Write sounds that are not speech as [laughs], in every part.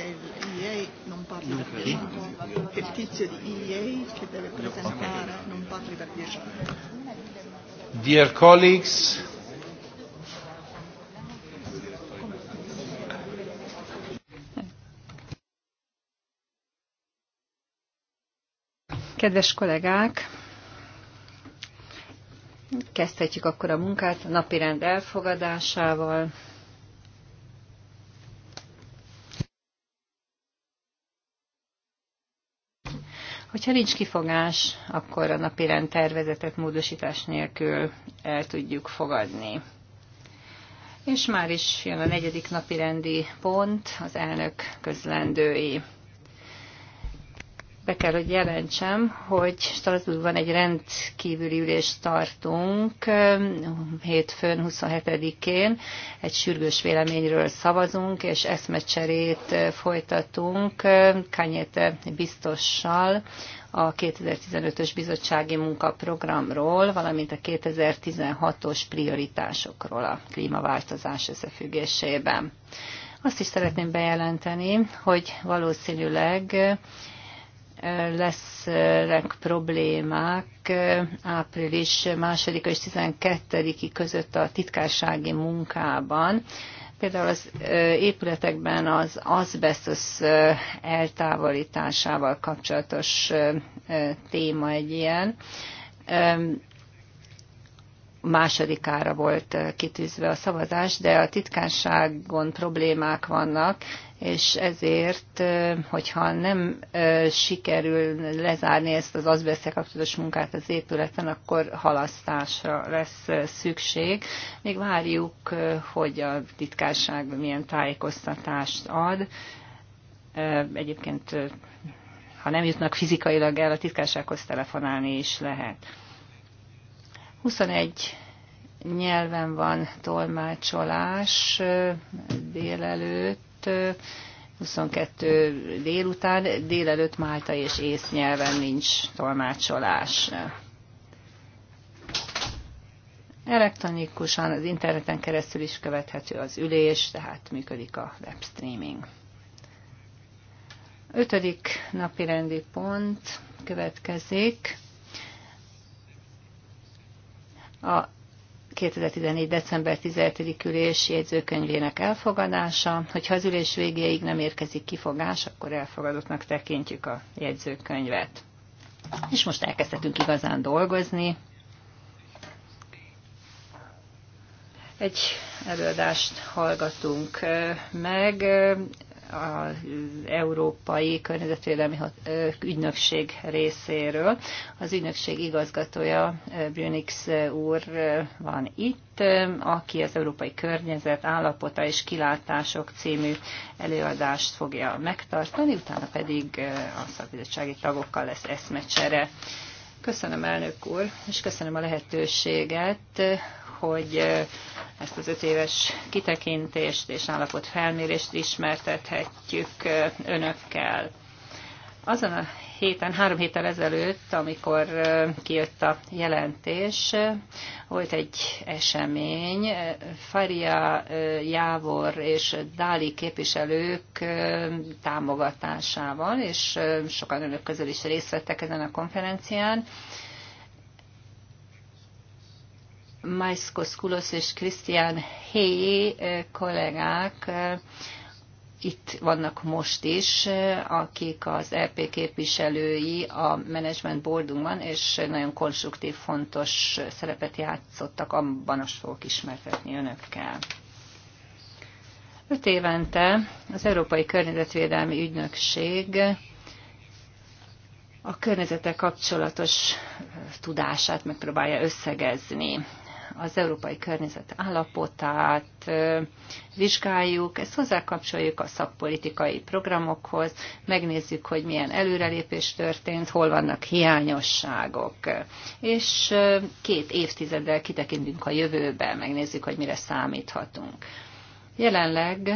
che e non parli per 10 che il tizio di e che deve presentare non parli per 10 Dear colleagues, Kedves kollégák, kezdhetjük akkor a munkát a napirend elfogadásával. Hogyha nincs kifogás, akkor a napirend tervezetet módosítás nélkül el tudjuk fogadni. És már is jön a negyedik napi rendi pont, az elnök közlendői be kell, hogy jelentsem, hogy Strasbourgban egy rendkívüli ülést tartunk um, hétfőn 27-én, egy sürgős véleményről szavazunk, és eszmecserét uh, folytatunk um, Kanyete biztossal a 2015-ös bizottsági munkaprogramról, valamint a 2016-os prioritásokról a klímaváltozás összefüggésében. Azt is szeretném bejelenteni, hogy valószínűleg lesznek problémák április 2 és 12 között a titkársági munkában. Például az épületekben az azbestos eltávolításával kapcsolatos téma egy ilyen másodikára volt kitűzve a szavazás, de a titkárságon problémák vannak, és ezért, hogyha nem sikerül lezárni ezt az azbeszek kapcsolatos munkát az épületen, akkor halasztásra lesz szükség. Még várjuk, hogy a titkárság milyen tájékoztatást ad. Egyébként, ha nem jutnak fizikailag el, a titkársághoz telefonálni is lehet. 21 nyelven van tolmácsolás délelőtt 22 délután, délelőtt Málta és ész nyelven nincs tolmácsolás. Elektronikusan az interneten keresztül is követhető az ülés, tehát működik a webstreaming. Ötödik napi rendi pont következik. A 2014. december 17. ülés jegyzőkönyvének elfogadása. Hogyha az ülés végéig nem érkezik kifogás, akkor elfogadottnak tekintjük a jegyzőkönyvet. És most elkezdhetünk igazán dolgozni. Egy előadást hallgatunk meg az Európai Környezetvédelmi Ügynökség részéről. Az ügynökség igazgatója Brünix úr van itt, aki az Európai Környezet állapota és kilátások című előadást fogja megtartani, utána pedig a szakbizottsági tagokkal lesz eszmecsere. Köszönöm, elnök úr, és köszönöm a lehetőséget, hogy ezt az öt éves kitekintést és állapot felmérést ismertethetjük önökkel. Azon a héten, három héttel ezelőtt, amikor kijött a jelentés, volt egy esemény. Faria Jávor és Dáli képviselők támogatásával, és sokan önök közül is részt vettek ezen a konferencián, Maiskos Kulosz és Krisztián Hé eh, kollégák eh, itt vannak most is, eh, akik az LP képviselői a Management Boardunkban, és nagyon konstruktív, fontos szerepet játszottak, abban azt fogok ismertetni önökkel. Öt évente az Európai Környezetvédelmi Ügynökség a környezetek kapcsolatos tudását megpróbálja összegezni az európai környezet állapotát vizsgáljuk, ezt hozzákapcsoljuk a szakpolitikai programokhoz, megnézzük, hogy milyen előrelépés történt, hol vannak hiányosságok. És két évtizeddel kitekintünk a jövőbe, megnézzük, hogy mire számíthatunk. Jelenleg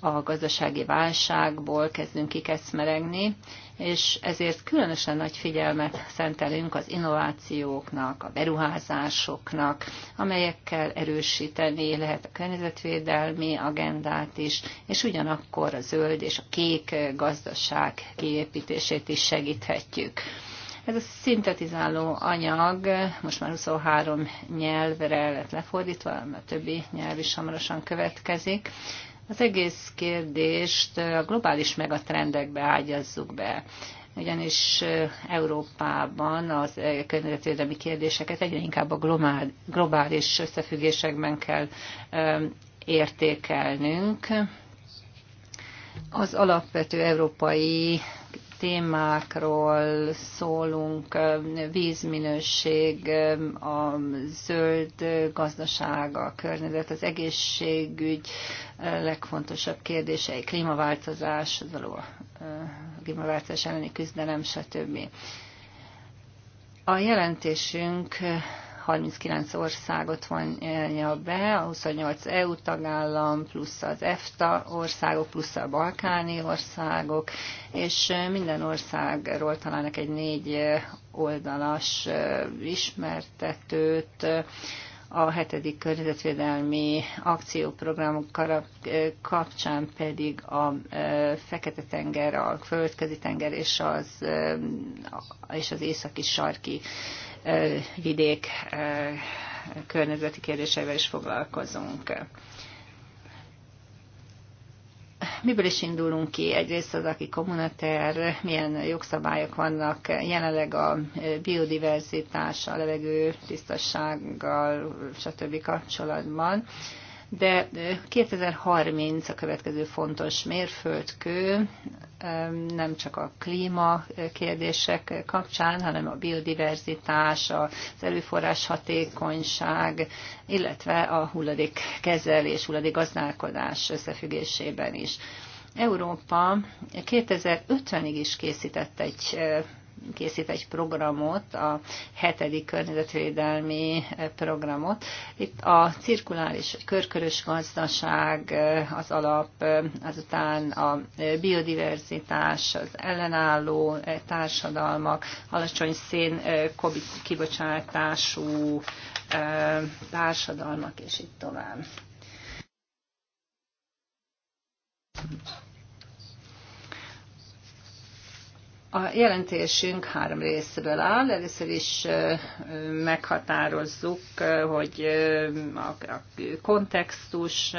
a gazdasági válságból kezdünk kikeszmeregni, és ezért különösen nagy figyelmet szentelünk az innovációknak, a beruházásoknak, amelyekkel erősíteni lehet a környezetvédelmi agendát is, és ugyanakkor a zöld és a kék gazdaság kiépítését is segíthetjük. Ez a szintetizáló anyag most már 23 nyelvre lett lefordítva, a többi nyelv is hamarosan következik, az egész kérdést a globális megatrendekbe ágyazzuk be ugyanis Európában az környezetvédelmi kérdéseket egyre inkább a globális összefüggésekben kell értékelnünk. Az alapvető európai témákról szólunk, vízminőség, a zöld gazdaság, a környezet, az egészségügy legfontosabb kérdései, klímaváltozás, az aló, klímaváltozás elleni küzdelem, stb. A jelentésünk 39 országot vonja be, a 28 EU tagállam, plusz az EFTA országok, plusz a balkáni országok, és minden országról találnak egy négy oldalas ismertetőt, a hetedik környezetvédelmi akcióprogramok kapcsán pedig a e, Fekete-tenger, a Földközi-tenger és az, e, és az északi-sarki vidék környezeti kérdéseivel is foglalkozunk. Miből is indulunk ki? Egyrészt az, aki kommunatér, milyen jogszabályok vannak jelenleg a biodiverzitás, a levegő tisztassággal, stb. kapcsolatban de 2030 a következő fontos mérföldkő, nem csak a klíma kérdések kapcsán, hanem a biodiverzitás, az előforrás hatékonyság, illetve a hulladékkezelés, gazdálkodás összefüggésében is. Európa 2050-ig is készített egy készít egy programot, a hetedik környezetvédelmi programot. Itt a cirkuláris körkörös gazdaság az alap, azután a biodiverzitás, az ellenálló társadalmak, alacsony szén kibocsátású e, társadalmak, és itt tovább. A jelentésünk három részből áll. Először is meghatározzuk, hogy a kontextus,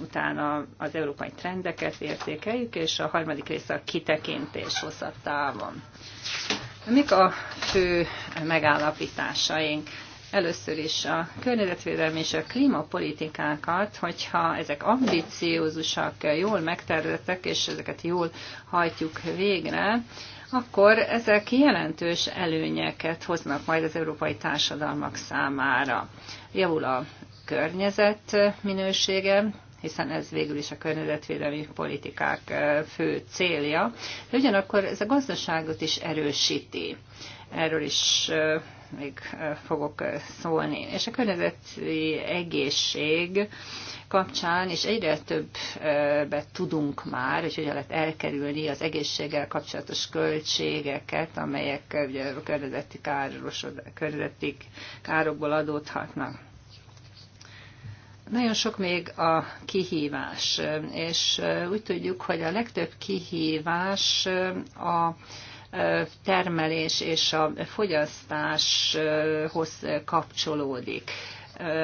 utána az európai trendeket értékeljük, és a harmadik része a kitekintés távon. Mik a fő megállapításaink? először is a környezetvédelmi és a klímapolitikákat, hogyha ezek ambiciózusak, jól megtervezettek, és ezeket jól hajtjuk végre, akkor ezek jelentős előnyeket hoznak majd az európai társadalmak számára. Javul a környezet minősége, hiszen ez végül is a környezetvédelmi politikák fő célja, de ugyanakkor ez a gazdaságot is erősíti. Erről is még fogok szólni. És a környezeti egészség kapcsán, és egyre többet tudunk már, hogy hogyan lehet elkerülni az egészséggel kapcsolatos költségeket, amelyek ugye, a környezeti, károsod, környezeti károkból adódhatnak. Nagyon sok még a kihívás, és úgy tudjuk, hogy a legtöbb kihívás a termelés és a fogyasztáshoz kapcsolódik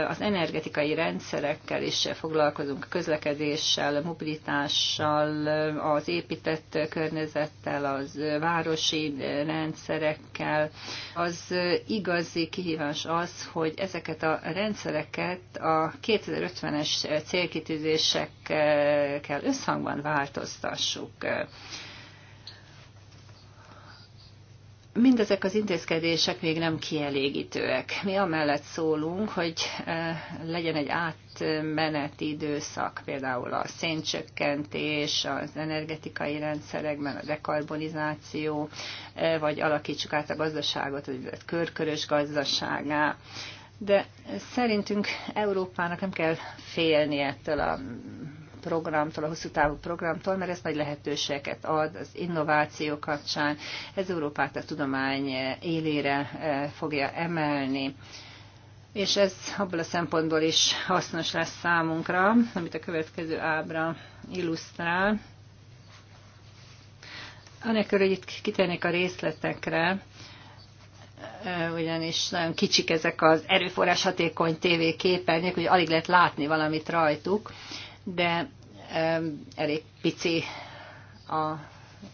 az energetikai rendszerekkel is foglalkozunk, közlekedéssel, mobilitással, az épített környezettel, az városi rendszerekkel. Az igazi kihívás az, hogy ezeket a rendszereket a 2050-es célkitűzésekkel összhangban változtassuk mindezek az intézkedések még nem kielégítőek. Mi amellett szólunk, hogy legyen egy átmeneti időszak, például a széncsökkentés, az energetikai rendszerekben, a dekarbonizáció, vagy alakítsuk át a gazdaságot, vagy körkörös gazdaságá. De szerintünk Európának nem kell félni ettől a programtól, a hosszú távú programtól, mert ez nagy lehetőséget ad az innováció kapcsán. Ez Európát a tudomány élére eh, fogja emelni és ez abból a szempontból is hasznos lesz számunkra, amit a következő ábra illusztrál. Anélkül, hogy itt kitérnék a részletekre, eh, ugyanis nagyon kicsik ezek az erőforrás hatékony tévé képernyők, hogy alig lehet látni valamit rajtuk de elég pici a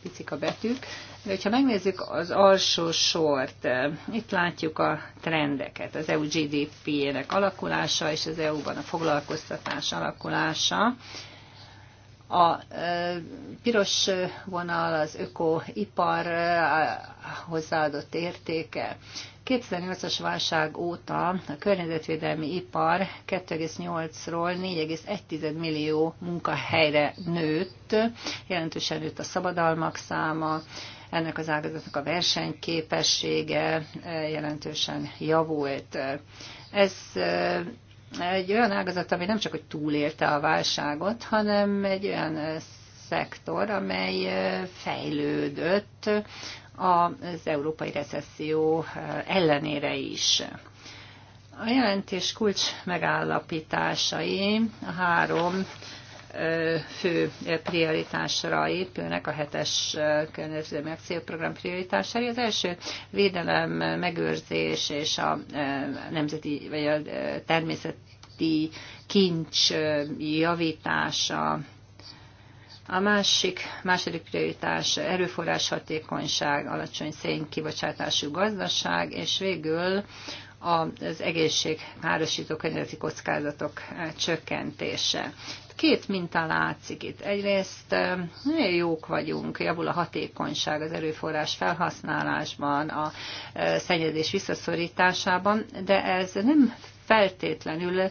picik a betűk. De hogyha megnézzük az alsó sort, itt látjuk a trendeket, az EU gdp ének alakulása és az EU-ban a foglalkoztatás alakulása. A piros vonal az ökoipar hozzáadott értéke. 2008-as válság óta a környezetvédelmi ipar 2,8-ról 4,1 millió munkahelyre nőtt, jelentősen nőtt a szabadalmak száma, ennek az ágazatnak a versenyképessége jelentősen javult. Ez egy olyan ágazat, ami nem csak hogy túlélte a válságot, hanem egy olyan szektor, amely fejlődött az európai recesszió ellenére is. A jelentés kulcs megállapításai a három fő prioritásra épülnek, a hetes környezetvédelmi akcióprogram prioritásai. Az első védelem, megőrzés és a nemzeti vagy a természeti kincs javítása, a másik, második prioritás erőforrás hatékonyság, alacsony szénkibocsátású gazdaság, és végül az egészség károsító környezeti kockázatok csökkentése. Két minta látszik itt. Egyrészt nagyon jók vagyunk, javul a hatékonyság az erőforrás felhasználásban, a szennyezés visszaszorításában, de ez nem feltétlenül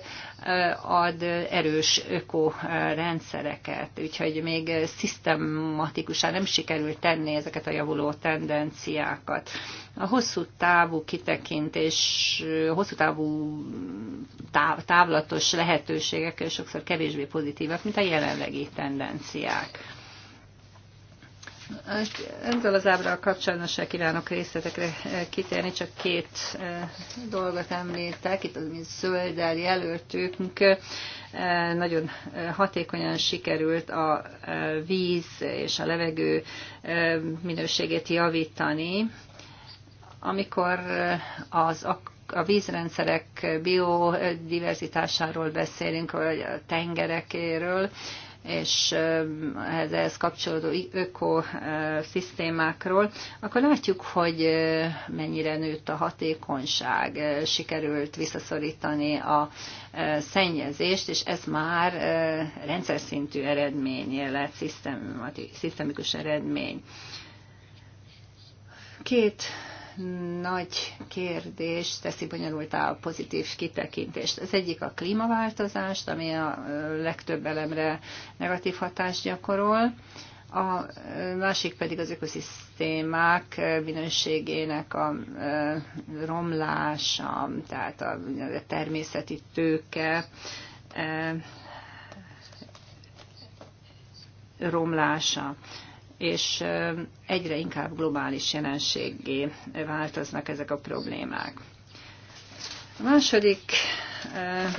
ad erős ökorendszereket, úgyhogy még szisztematikusan nem sikerült tenni ezeket a javuló tendenciákat. A hosszú távú kitekintés, hosszú távú táv, távlatos lehetőségek sokszor kevésbé pozitívak, mint a jelenlegi tendenciák. Ezzel az ábra kapcsolatban se kívánok részletekre eh, kitérni, csak két eh, dolgot említek. Itt az, mint zölddel jelöltünk, eh, nagyon hatékonyan sikerült a víz és a levegő minőségét javítani. Amikor az a vízrendszerek biodiverzitásáról beszélünk, vagy a tengerekéről, és ehhez kapcsolódó ökoszisztémákról, akkor látjuk, hogy mennyire nőtt a hatékonyság, sikerült visszaszorítani a szennyezést, és ez már rendszer szintű eredmény lehet szisztemikus eredmény. Két nagy kérdés teszi bonyolultá a pozitív kitekintést. Az egyik a klímaváltozást, ami a legtöbb elemre negatív hatást gyakorol, a másik pedig az ökoszisztémák minőségének a romlása, tehát a természeti tőke romlása és egyre inkább globális jelenséggé változnak ezek a problémák. A második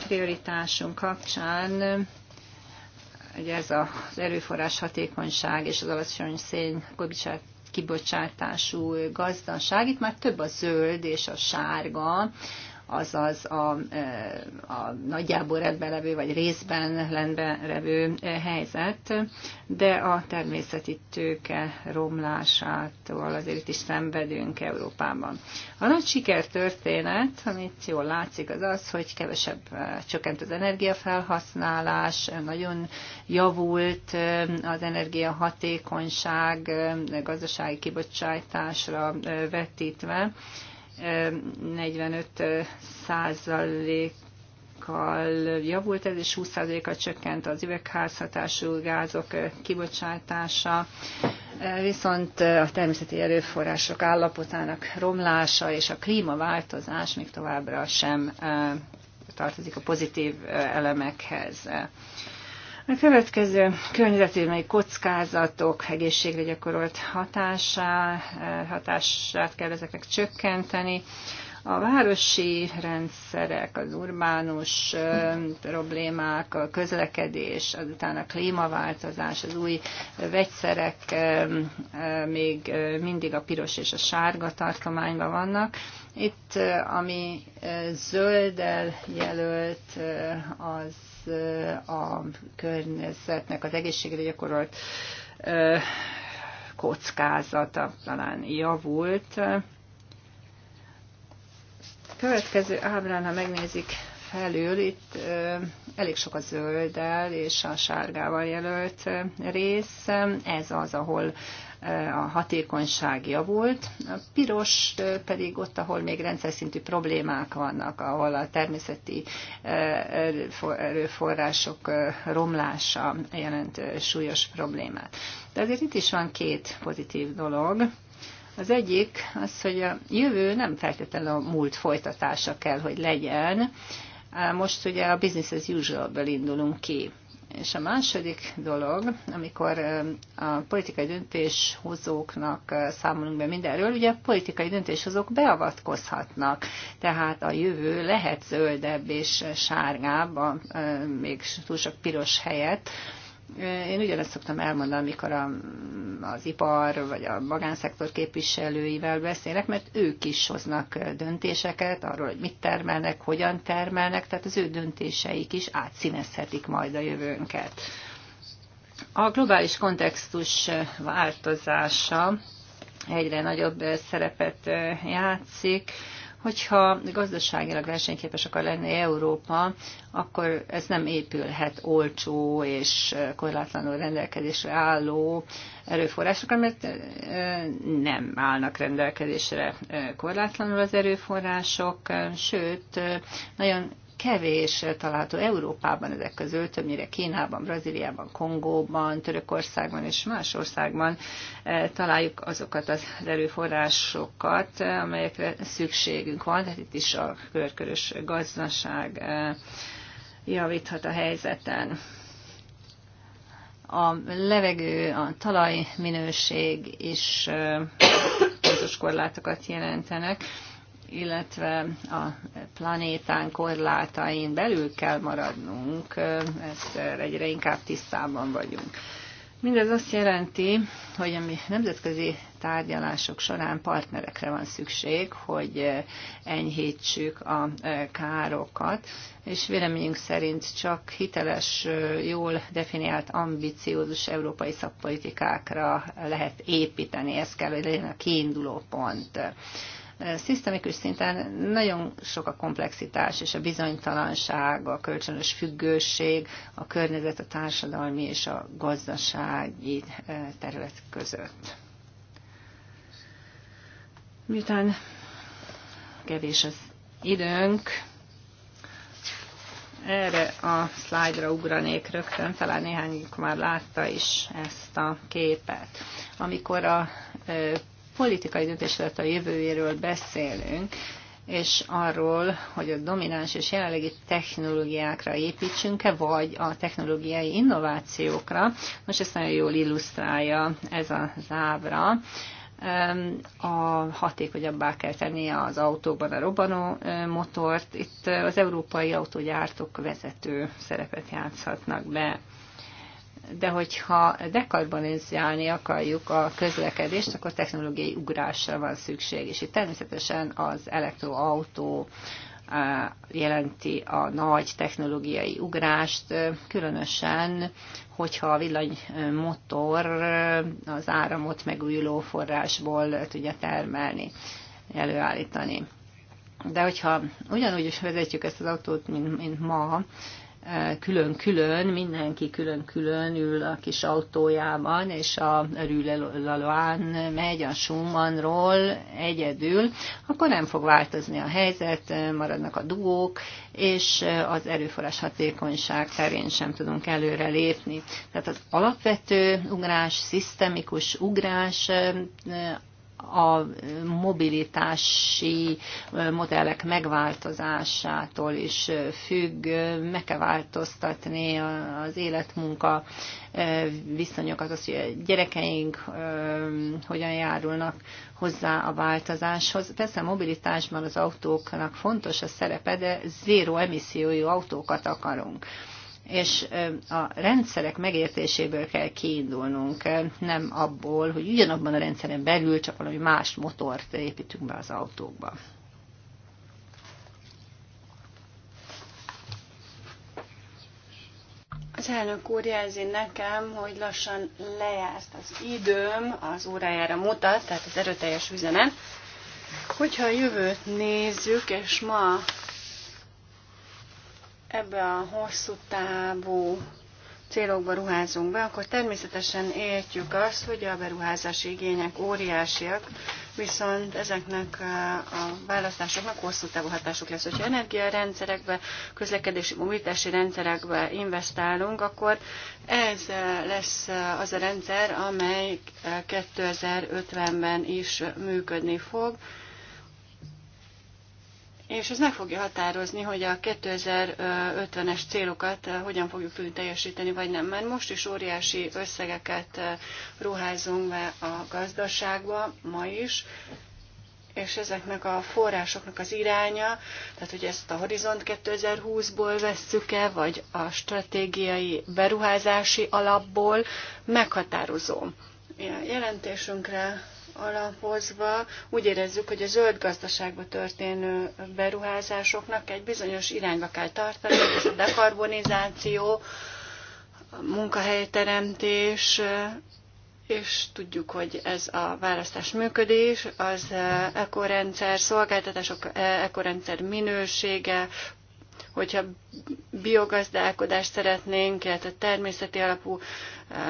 prioritásunk kapcsán ugye ez az erőforrás hatékonyság és az alacsony szén kibocsátású gazdaság. Itt már több a zöld és a sárga, azaz a, eh, a nagyjából rendben levő, vagy részben rendben levő eh, helyzet, de a természeti tőke romlásától azért is szenvedünk Európában. A nagy sikertörténet, amit jól látszik, az az, hogy kevesebb eh, csökkent az energiafelhasználás, nagyon javult az energiahatékonyság gazdasági kibocsátásra vetítve, 45 százalék kal javult ez, és 20%-kal csökkent az üvegházhatású gázok kibocsátása, viszont a természeti erőforrások állapotának romlása és a klímaváltozás még továbbra sem tartozik a pozitív elemekhez. A következő környezetvédelmi kockázatok egészségre gyakorolt hatásá, eh, hatását kell ezeknek csökkenteni. A városi rendszerek, az urbánus eh, problémák, a közlekedés, azután a klímaváltozás, az új vegyszerek eh, még mindig a piros és a sárga tartományban vannak. Itt, ami zöldel jelölt, az a környezetnek az egészségre gyakorolt kockázata talán javult. Következő ábrán, ha megnézik felül, itt elég sok a zölddel és a sárgával jelölt rész. Ez az, ahol a hatékonyság javult, a piros pedig ott, ahol még rendszer szintű problémák vannak, ahol a természeti erőforrások romlása jelent súlyos problémát. De azért itt is van két pozitív dolog. Az egyik az, hogy a jövő nem feltétlenül a múlt folytatása kell, hogy legyen. Most ugye a business as usual-ből indulunk ki. És a második dolog, amikor a politikai döntéshozóknak számolunk be mindenről, ugye a politikai döntéshozók beavatkozhatnak, tehát a jövő lehet zöldebb és sárgább, a, még túl sok piros helyett, én ugyanezt szoktam elmondani, amikor a, az ipar vagy a magánszektor képviselőivel beszélek, mert ők is hoznak döntéseket arról, hogy mit termelnek, hogyan termelnek, tehát az ő döntéseik is átszínezhetik majd a jövőnket. A globális kontextus változása egyre nagyobb szerepet játszik Hogyha gazdaságilag versenyképes akar lenni Európa, akkor ez nem épülhet olcsó és korlátlanul rendelkezésre álló erőforrásokra, mert nem állnak rendelkezésre korlátlanul az erőforrások, sőt, nagyon kevés található Európában ezek közül, többnyire Kínában, Brazíliában, Kongóban, Törökországban és más országban e, találjuk azokat az erőforrásokat, amelyekre szükségünk van, tehát itt is a körkörös gazdaság e, javíthat a helyzeten a levegő, a talajminőség is e, fontos korlátokat jelentenek illetve a planétán korlátain belül kell maradnunk, ezt egyre inkább tisztában vagyunk. Mindez azt jelenti, hogy a nemzetközi tárgyalások során partnerekre van szükség, hogy enyhítsük a károkat, és véleményünk szerint csak hiteles, jól definiált, ambiciózus európai szakpolitikákra lehet építeni. Ez kell, hogy legyen a kiinduló pont szisztemikus szinten nagyon sok a komplexitás és a bizonytalanság, a kölcsönös függőség, a környezet, a társadalmi és a gazdasági eh, terület között. Miután kevés az időnk, erre a szlájdra ugranék rögtön, talán néhányunk már látta is ezt a képet. Amikor a eh, politikai döntés a jövőjéről beszélünk, és arról, hogy a domináns és jelenlegi technológiákra építsünk-e, vagy a technológiai innovációkra. Most ezt nagyon jól illusztrálja ez a zábra. A hatékonyabbá kell tenni az autóban a robbanó motort. Itt az európai autógyártók vezető szerepet játszhatnak be de hogyha dekarbonizálni akarjuk a közlekedést, akkor technológiai ugrásra van szükség, és itt természetesen az elektroautó jelenti a nagy technológiai ugrást, különösen, hogyha a villanymotor az áramot megújuló forrásból tudja termelni, előállítani. De hogyha ugyanúgy is vezetjük ezt az autót, mint, mint ma, külön-külön, mindenki külön-külön ül a kis autójában, és a Rülelalóán megy a Schumannról egyedül, akkor nem fog változni a helyzet, maradnak a dugók, és az erőforrás hatékonyság terén sem tudunk előre lépni. Tehát az alapvető ugrás, szisztemikus ugrás a mobilitási modellek megváltozásától is függ, meg kell változtatni az életmunka viszonyokat, az, hogy a gyerekeink hogyan járulnak hozzá a változáshoz. Persze a mobilitásban az autóknak fontos a szerepe, de zéró emissziójú autókat akarunk és a rendszerek megértéséből kell kiindulnunk, nem abból, hogy ugyanabban a rendszeren belül csak valami más motort építünk be az autókba. Az elnök úr jelzi nekem, hogy lassan lejárt az időm, az órájára mutat, tehát az erőteljes üzenet. Hogyha a jövőt nézzük, és ma ebbe a hosszú távú célokba ruházunk be, akkor természetesen értjük azt, hogy a beruházási igények óriásiak, viszont ezeknek a választásoknak hosszú távú hatásuk lesz. Hogyha energiarendszerekbe, közlekedési mobilitási rendszerekbe investálunk, akkor ez lesz az a rendszer, amely 2050-ben eh, is működni fog, és ez meg fogja határozni, hogy a 2050-es célokat eh, hogyan fogjuk tudni teljesíteni, vagy nem. Mert most is óriási összegeket eh, ruházunk be a gazdaságba, ma is, és ezeknek a forrásoknak az iránya, tehát hogy ezt a Horizont 2020-ból vesszük-e, vagy a stratégiai beruházási alapból, meghatározó. A jelentésünkre alapozva úgy érezzük, hogy a zöld gazdaságba történő beruházásoknak egy bizonyos irányba kell tartani, ez a dekarbonizáció, a munkahelyteremtés, és tudjuk, hogy ez a választás működés, az eh, ekorendszer szolgáltatások, eh, ekorendszer minősége, hogyha biogazdálkodást szeretnénk, a természeti alapú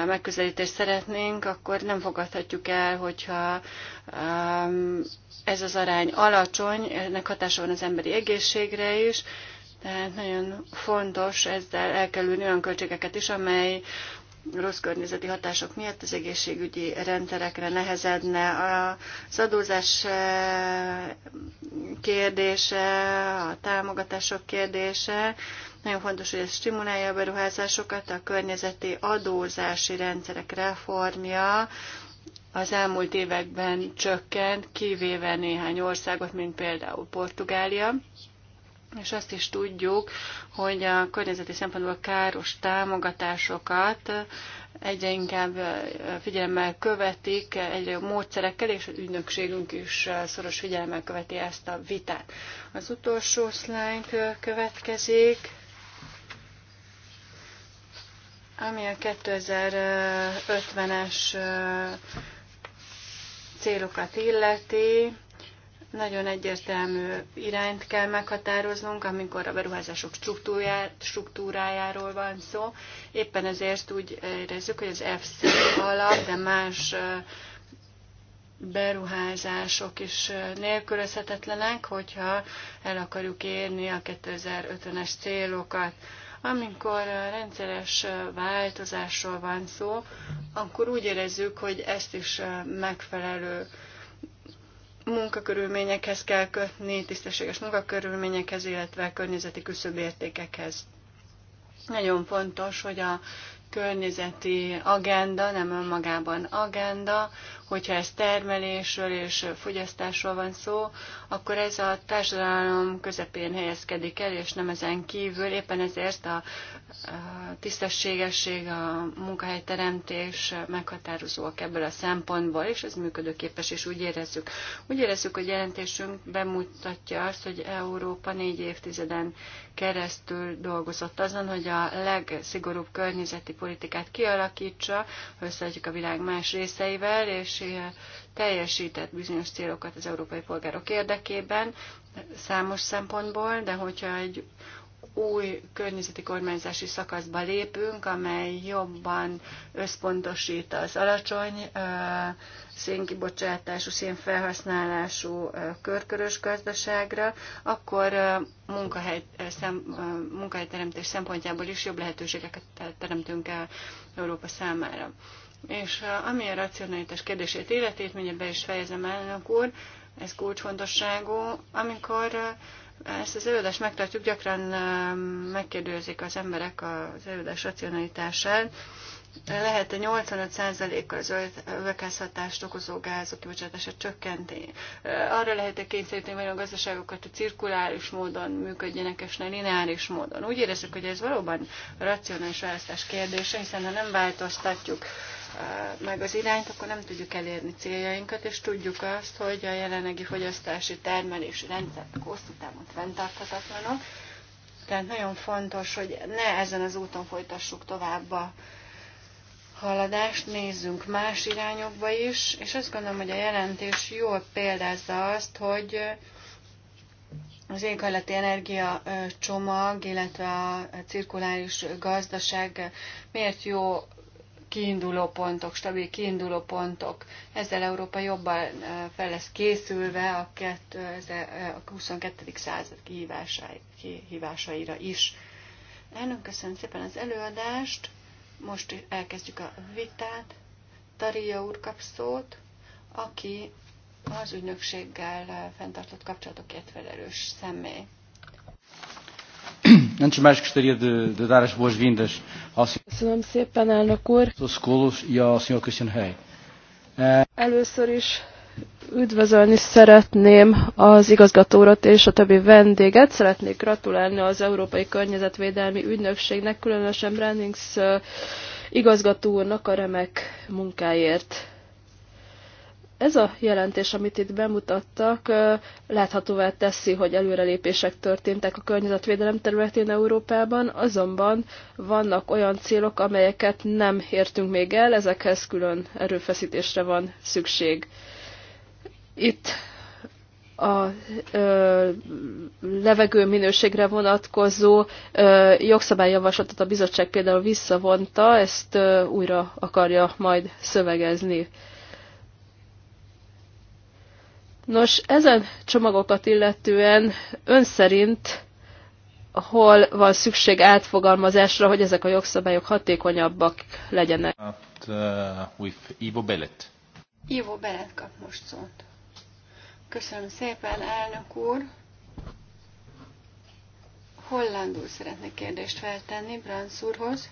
megközelítést szeretnénk, akkor nem fogadhatjuk el, hogyha ez az arány alacsony, ennek hatása van az emberi egészségre is, tehát nagyon fontos ezzel elkerülni olyan költségeket is, amely rossz környezeti hatások miatt az egészségügyi rendszerekre nehezedne. Az adózás eh, kérdése, a támogatások kérdése, nagyon fontos, hogy ez stimulálja a beruházásokat, a környezeti adózási rendszerek reformja, az elmúlt években csökkent, kivéve néhány országot, mint például Portugália. És azt is tudjuk, hogy a környezeti szempontból káros támogatásokat egyre inkább figyelemmel követik, egyre jobb módszerekkel, és az ügynökségünk is szoros figyelemmel követi ezt a vitát. Az utolsó szlájd következik, ami a 2050-es célokat illeti. Nagyon egyértelmű irányt kell meghatároznunk, amikor a beruházások struktúrájáról van szó. Éppen ezért úgy érezzük, hogy az FC alap, de más beruházások is nélkülözhetetlenek, hogyha el akarjuk érni a 2050-es célokat. Amikor a rendszeres változásról van szó, akkor úgy érezzük, hogy ezt is megfelelő munkakörülményekhez kell kötni, tisztességes munkakörülményekhez, illetve környezeti küszöbértékekhez. Nagyon fontos, hogy a környezeti agenda nem önmagában agenda, hogyha ez termelésről és fogyasztásról van szó, akkor ez a társadalom közepén helyezkedik el, és nem ezen kívül. Éppen ezért a tisztességesség, a munkahelyteremtés meghatározóak ebből a szempontból, és ez működőképes, és úgy érezzük. Úgy érezzük, hogy jelentésünk bemutatja azt, hogy Európa négy évtizeden keresztül dolgozott azon, hogy a legszigorúbb környezeti politikát kialakítsa, összeadjuk a világ más részeivel, és ügynökség teljesített bizonyos célokat az európai polgárok érdekében számos szempontból, de hogyha egy új környezeti kormányzási szakaszba lépünk, amely jobban összpontosít az alacsony szénkibocsátású, szénfelhasználású körkörös gazdaságra, akkor munkahely, szem, munkahelyteremtés szempontjából is jobb lehetőségeket teremtünk el Európa számára. És ami a racionalitás kérdését életét mondja be is fejezem, elnök úr, ez kulcsfontosságú. Amikor ezt az előadást megtartjuk, gyakran megkérdőzik az emberek az előadás racionalitását. lehet a 85%-kal az üvegházhatást okozó gázok kibocsátását csökkenteni? Arra lehet-e kényszeríteni, hogy a gazdaságokat a cirkuláris módon működjenek, és ne lineáris módon? Úgy érezzük, hogy ez valóban racionális választás kérdése, hiszen ha nem változtatjuk meg az irányt, akkor nem tudjuk elérni céljainkat, és tudjuk azt, hogy a jelenlegi fogyasztási termelési rendszer hosszú távon fenntarthatatlanok. Tehát nagyon fontos, hogy ne ezen az úton folytassuk tovább a haladást, nézzünk más irányokba is, és azt gondolom, hogy a jelentés jól példázza azt, hogy az éghajlati energia csomag, illetve a cirkuláris gazdaság miért jó kiinduló pontok, stabil kiinduló pontok. Ezzel Európa jobban fel lesz készülve a 22. század kihívásaira is. Elnök, köszönöm szépen az előadást. Most elkezdjük a vitát. Taria úr kap szót, aki az ügynökséggel fenntartott kapcsolatokért felelős személy. Antes mais, gostaria de, de dar as boas-vindas ao Sr. Köszönöm szépen, elnök úr. e ao Sr. Christian Hay. Eh, először is üdvözölni szeretném az igazgatórat és a többi vendéget. Szeretnék gratulálni az Európai Környezetvédelmi Ügynökségnek, különösen Brennings eh, igazgató úrnak a remek munkáért. Ez a jelentés, amit itt bemutattak, láthatóvá teszi, hogy előrelépések történtek a környezetvédelem területén Európában, azonban vannak olyan célok, amelyeket nem értünk még el, ezekhez külön erőfeszítésre van szükség. Itt a ö, levegő minőségre vonatkozó ö, jogszabályjavaslatot a bizottság például visszavonta, ezt ö, újra akarja majd szövegezni. Nos, ezen csomagokat illetően ön szerint hol van szükség átfogalmazásra, hogy ezek a jogszabályok hatékonyabbak legyenek? At, uh, with Ivo Belet. Ivo Belet kap most szót. Köszönöm szépen, elnök úr. Hollandul szeretnék kérdést feltenni Bransz úrhoz.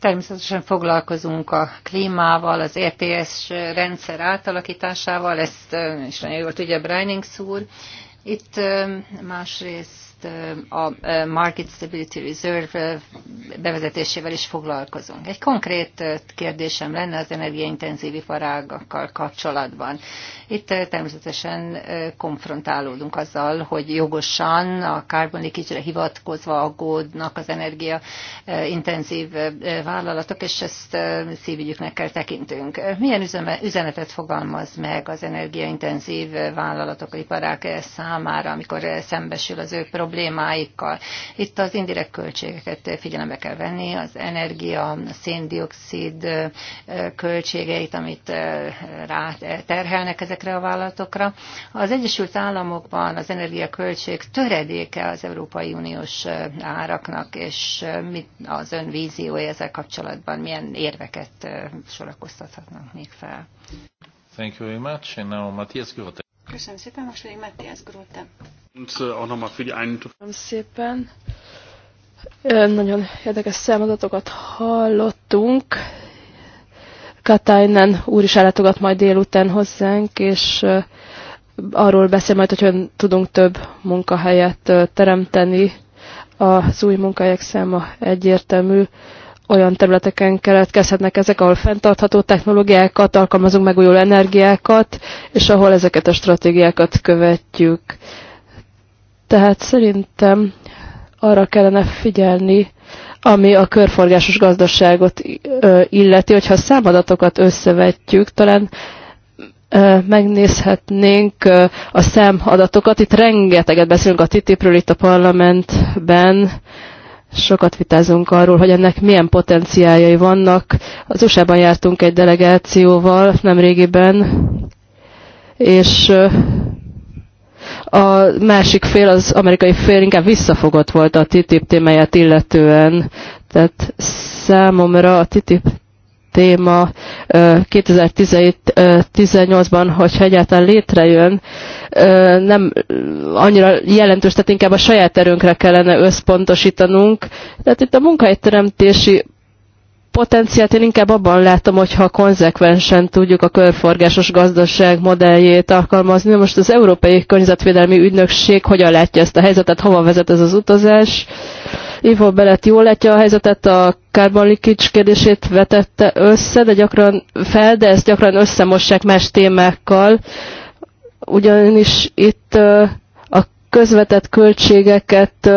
Természetesen foglalkozunk a klímával, az ETS rendszer átalakításával, ezt eh, is nagyon jól tudja Brining úr. Itt eh, másrészt ezt a Market Stability Reserve bevezetésével is foglalkozunk. Egy konkrét kérdésem lenne az energiaintenzív iparágakkal kapcsolatban. Itt természetesen konfrontálódunk azzal, hogy jogosan a carbon leakage hivatkozva aggódnak az energiaintenzív vállalatok, és ezt szívügyüknek kell tekintünk. Milyen üzenetet fogalmaz meg az energiaintenzív vállalatok, iparák számára, amikor szembesül az ő problémájuk? problémáikkal. Itt az indirekt költségeket figyelembe kell venni, az energia, a széndiokszid költségeit, amit terhelnek ezekre a vállalatokra. Az Egyesült Államokban az energiaköltség töredéke az Európai Uniós áraknak, és mit az ön víziója ezzel kapcsolatban, milyen érveket sorakoztathatnak még fel? Thank you very much. And now Matthias Grote. Köszönöm szépen, most pedig Matthias Grote. Äh, Köszönöm szépen. Nagyon érdekes számadatokat hallottunk. Katainen úr is ellátogat majd délután hozzánk, és arról beszél majd, hogy ön tudunk több munkahelyet teremteni. Az új munkahelyek száma egyértelmű. Olyan területeken keletkezhetnek ezek, ahol fenntartható technológiákat, alkalmazunk megújuló energiákat, és ahol ezeket a stratégiákat követjük. Tehát szerintem arra kellene figyelni, ami a körforgásos gazdaságot illeti, hogyha a számadatokat összevetjük, talán megnézhetnénk a számadatokat. Itt rengeteget beszélünk a TTIP-ről itt a parlamentben, sokat vitázunk arról, hogy ennek milyen potenciáljai vannak. Az USA-ban jártunk egy delegációval nemrégiben, és a másik fél, az amerikai fél inkább visszafogott volt a TTIP témáját illetően. Tehát számomra a TTIP téma 2017-18-ban, hogyha egyáltalán létrejön, nem annyira jelentős, tehát inkább a saját erőnkre kellene összpontosítanunk. Tehát itt a munkahelyteremtési potenciált én inkább abban látom, hogyha konzekvensen tudjuk a körforgásos gazdaság modelljét alkalmazni. Most az Európai Környezetvédelmi Ügynökség hogyan látja ezt a helyzetet, hova vezet ez az utazás? Ivo Belet jól látja a helyzetet, a Carbon Leakage kérdését vetette össze, de gyakran fel, de ezt gyakran összemossák más témákkal. Ugyanis itt a közvetett költségeket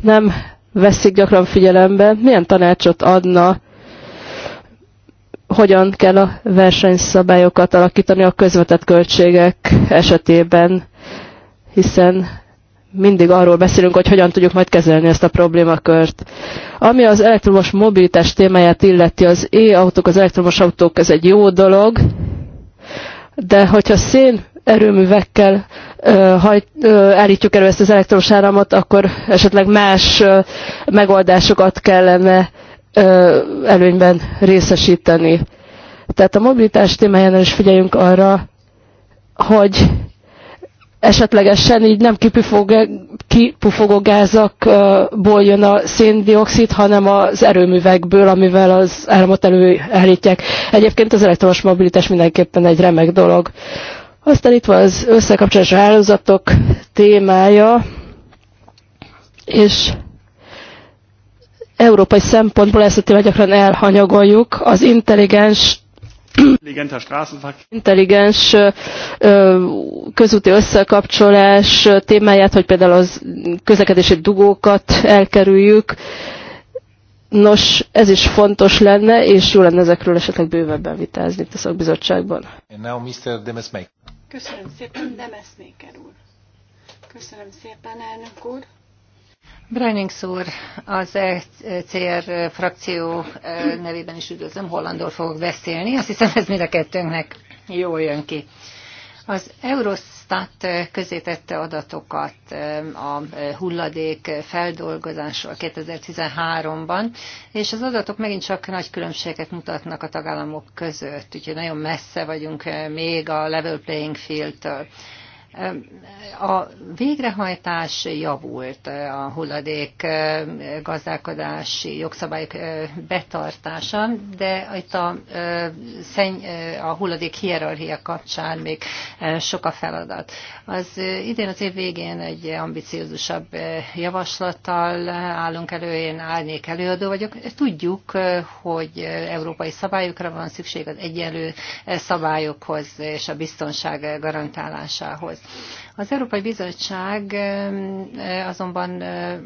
nem veszik gyakran figyelembe. Milyen tanácsot adna hogyan kell a versenyszabályokat alakítani a közvetett költségek esetében, hiszen mindig arról beszélünk, hogy hogyan tudjuk majd kezelni ezt a problémakört. Ami az elektromos mobilitás témáját illeti, az e-autók, az elektromos autók, ez egy jó dolog, de hogyha szén erőművekkel ö, hajt, ö, állítjuk elő ezt az elektromos áramot, akkor esetleg más ö, megoldásokat kellene előnyben részesíteni. Tehát a mobilitás témáján is figyeljünk arra, hogy esetlegesen így nem kipufogó gázakból jön a széndiokszid, hanem az erőművekből, amivel az áramot előállítják. Egyébként az elektromos mobilitás mindenképpen egy remek dolog. Aztán itt van az összekapcsolás hálózatok témája, és európai szempontból ezt a témát gyakran elhanyagoljuk. Az intelligens intelligens közúti összekapcsolás témáját, hogy például az közlekedési dugókat elkerüljük. Nos, ez is fontos lenne, és jó lenne ezekről esetleg bővebben vitázni itt a szakbizottságban. Köszönöm szépen, Demesmaker úr. Köszönöm szépen, elnök úr. Breinings úr, az ECR frakció e, nevében is üdvözlöm, hollandor fogok beszélni. Azt hiszem, ez mind a kettőnknek jól jön ki. Az Eurostat közétette adatokat e, a hulladék feldolgozásról 2013-ban, és az adatok megint csak nagy különbségeket mutatnak a tagállamok között, úgyhogy nagyon messze vagyunk e, még a level playing field-től. A végrehajtás javult, a hulladék gazdálkodási jogszabályok betartása, de itt a, a hulladék hierarchia kapcsán még sok a feladat. Az idén az év végén egy ambiciózusabb javaslattal állunk elő, én árnyék előadó vagyok. Tudjuk, hogy európai szabályokra van szükség az egyenlő szabályokhoz és a biztonság garantálásához. Az Európai Bizottság eh, azonban, eh,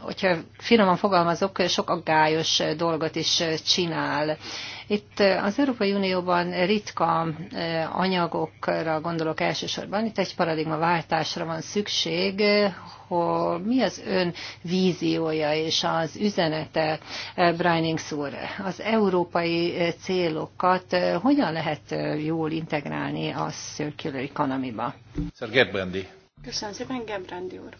hogyha finoman fogalmazok, sok aggályos dolgot is csinál itt az Európai Unióban ritka anyagokra gondolok elsősorban, itt egy paradigmaváltásra van szükség, hogy mi az ön víziója és az üzenete, Brining úr, az európai célokat hogyan lehet jól integrálni a circular economy-ba? Köszönöm szépen, Gebrandi úr.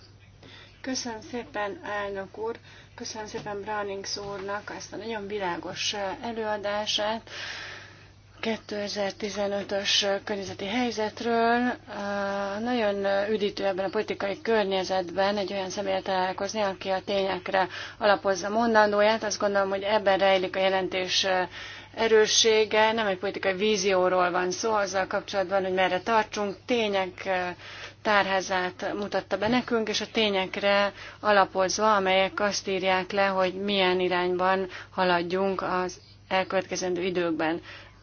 Köszönöm szépen, elnök úr. Köszönöm szépen Brownings úrnak ezt a nagyon világos eh, előadását. 2015-ös eh, környezeti helyzetről. Eh, nagyon üdítő ebben a politikai környezetben egy olyan személyet találkozni, aki a tényekre alapozza mondandóját. Azt gondolom, hogy ebben rejlik a jelentés erőssége. Nem egy politikai vízióról van szó azzal kapcsolatban, hogy merre tartsunk. Tények tárházát mutatta be nekünk, és a tényekre alapozva, amelyek azt írják le, hogy milyen irányban haladjunk az elkövetkezendő időkben.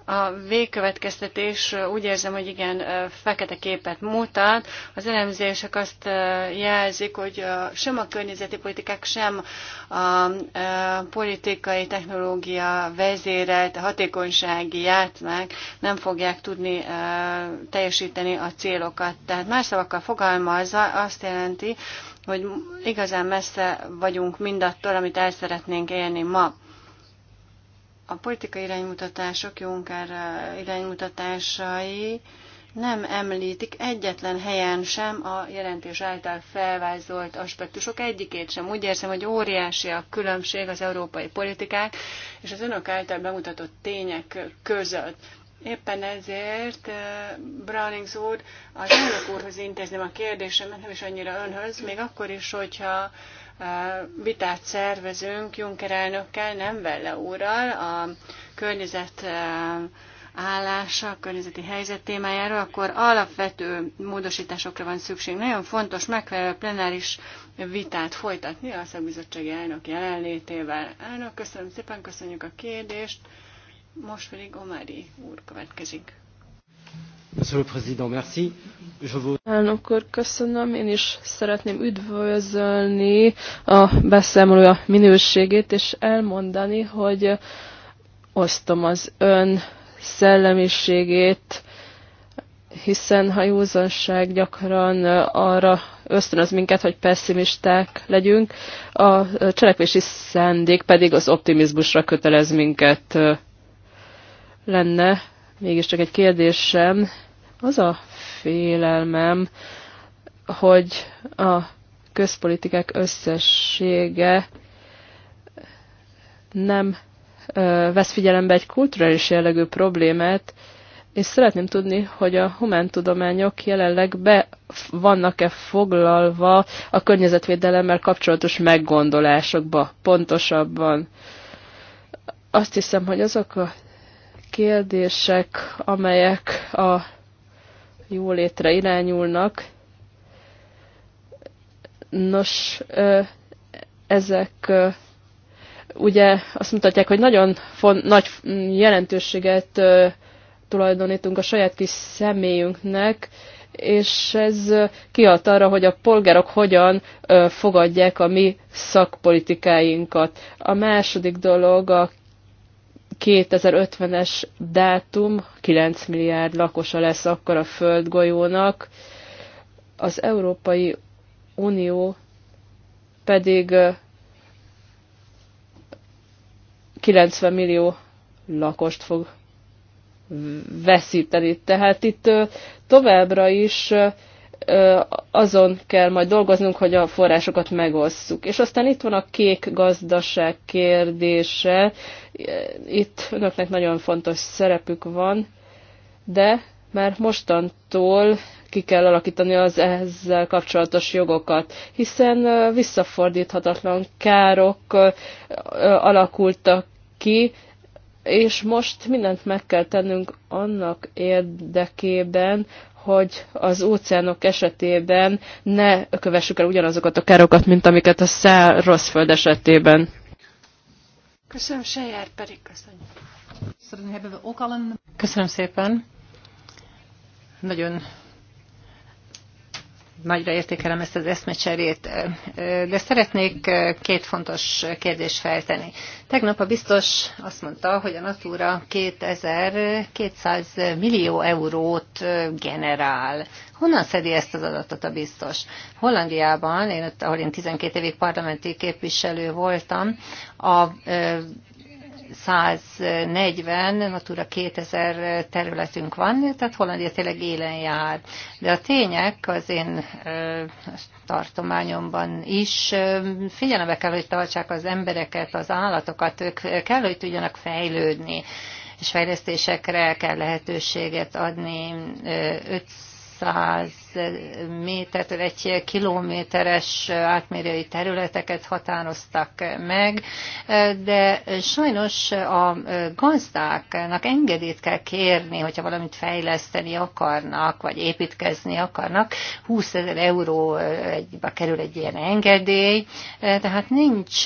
A végkövetkeztetés úgy érzem, hogy igen, fekete képet mutat. Az elemzések azt jelzik, hogy sem a környezeti politikák, sem a politikai technológia vezérelt hatékonysági játmák nem fogják tudni teljesíteni a célokat. Tehát más szavakkal fogalmazza azt jelenti, hogy igazán messze vagyunk mindattól, amit el szeretnénk élni ma a politikai iránymutatások, Juncker iránymutatásai nem említik egyetlen helyen sem a jelentés által felvázolt aspektusok egyikét sem. Úgy érzem, hogy óriási a különbség az európai politikák és az önök által bemutatott tények között. Éppen ezért Brownings úr, az elnök úrhoz intézném a kérdésemet, nem is annyira önhöz, még akkor is, hogyha vitát szervezünk Juncker elnökkel, nem Velle úrral, a környezet e, állása, a környezeti helyzet témájáról, akkor alapvető módosításokra van szükség. Nagyon fontos megfelelő plenáris vitát folytatni a szakbizottsági elnök jelenlétével. Elnök, köszönöm szépen, köszönjük a kérdést. Most pedig Omari úr következik. Monsieur le Président, merci. Elnök úr, köszönöm. Én is szeretném üdvözölni a beszámolója minőségét, és elmondani, hogy osztom az ön szellemiségét, hiszen ha józanság gyakran arra ösztönöz minket, hogy pessimisták legyünk, a cselekvési szándék pedig az optimizmusra kötelez minket lenne mégiscsak egy kérdésem. Az a félelmem, hogy a közpolitikák összessége nem ö, vesz figyelembe egy kulturális jellegű problémát, és szeretném tudni, hogy a humántudományok jelenleg be vannak-e foglalva a környezetvédelemmel kapcsolatos meggondolásokba pontosabban. Azt hiszem, hogy azok a kérdések, amelyek a jólétre irányulnak. Nos, ezek ugye azt mutatják, hogy nagyon font, nagy mm, jelentőséget tulajdonítunk a saját kis személyünknek, és ez kihat arra, hogy a polgárok hogyan fogadják a mi szakpolitikáinkat. A második dolog a 2050-es dátum, 9 milliárd lakosa lesz akkor a földgolyónak, az Európai Unió pedig 90 millió lakost fog veszíteni. Tehát itt továbbra is azon kell majd dolgoznunk, hogy a forrásokat megosszuk. És aztán itt van a kék gazdaság kérdése. Itt önöknek nagyon fontos szerepük van, de már mostantól ki kell alakítani az ezzel kapcsolatos jogokat, hiszen visszafordíthatatlan károk alakultak ki, és most mindent meg kell tennünk annak érdekében, hogy az óceánok esetében ne kövessük el ugyanazokat a károkat, mint amiket a szárazföld esetében. Köszönöm, Sejár pedig köszönjük. Köszönöm szépen. Nagyon nagyra értékelem ezt az eszmecserét, de szeretnék két fontos kérdést feltenni. Tegnap a biztos azt mondta, hogy a Natura 2000 200 millió eurót generál. Honnan szedi ezt az adatot a biztos? Hollandiában, én ott, ahol én 12 évig parlamenti képviselő voltam, a 140 Natura 2000 területünk van, tehát Hollandia tényleg élen jár. De a tények az én tartományomban is figyelembe kell, hogy tartsák az embereket, az állatokat, ők kell, hogy tudjanak fejlődni és fejlesztésekre kell lehetőséget adni. 500 métertől egy kilométeres átmérői területeket határoztak meg, de sajnos a gazdáknak engedélyt kell kérni, hogyha valamit fejleszteni akarnak, vagy építkezni akarnak. 20 ezer euróba kerül egy ilyen engedély, tehát nincs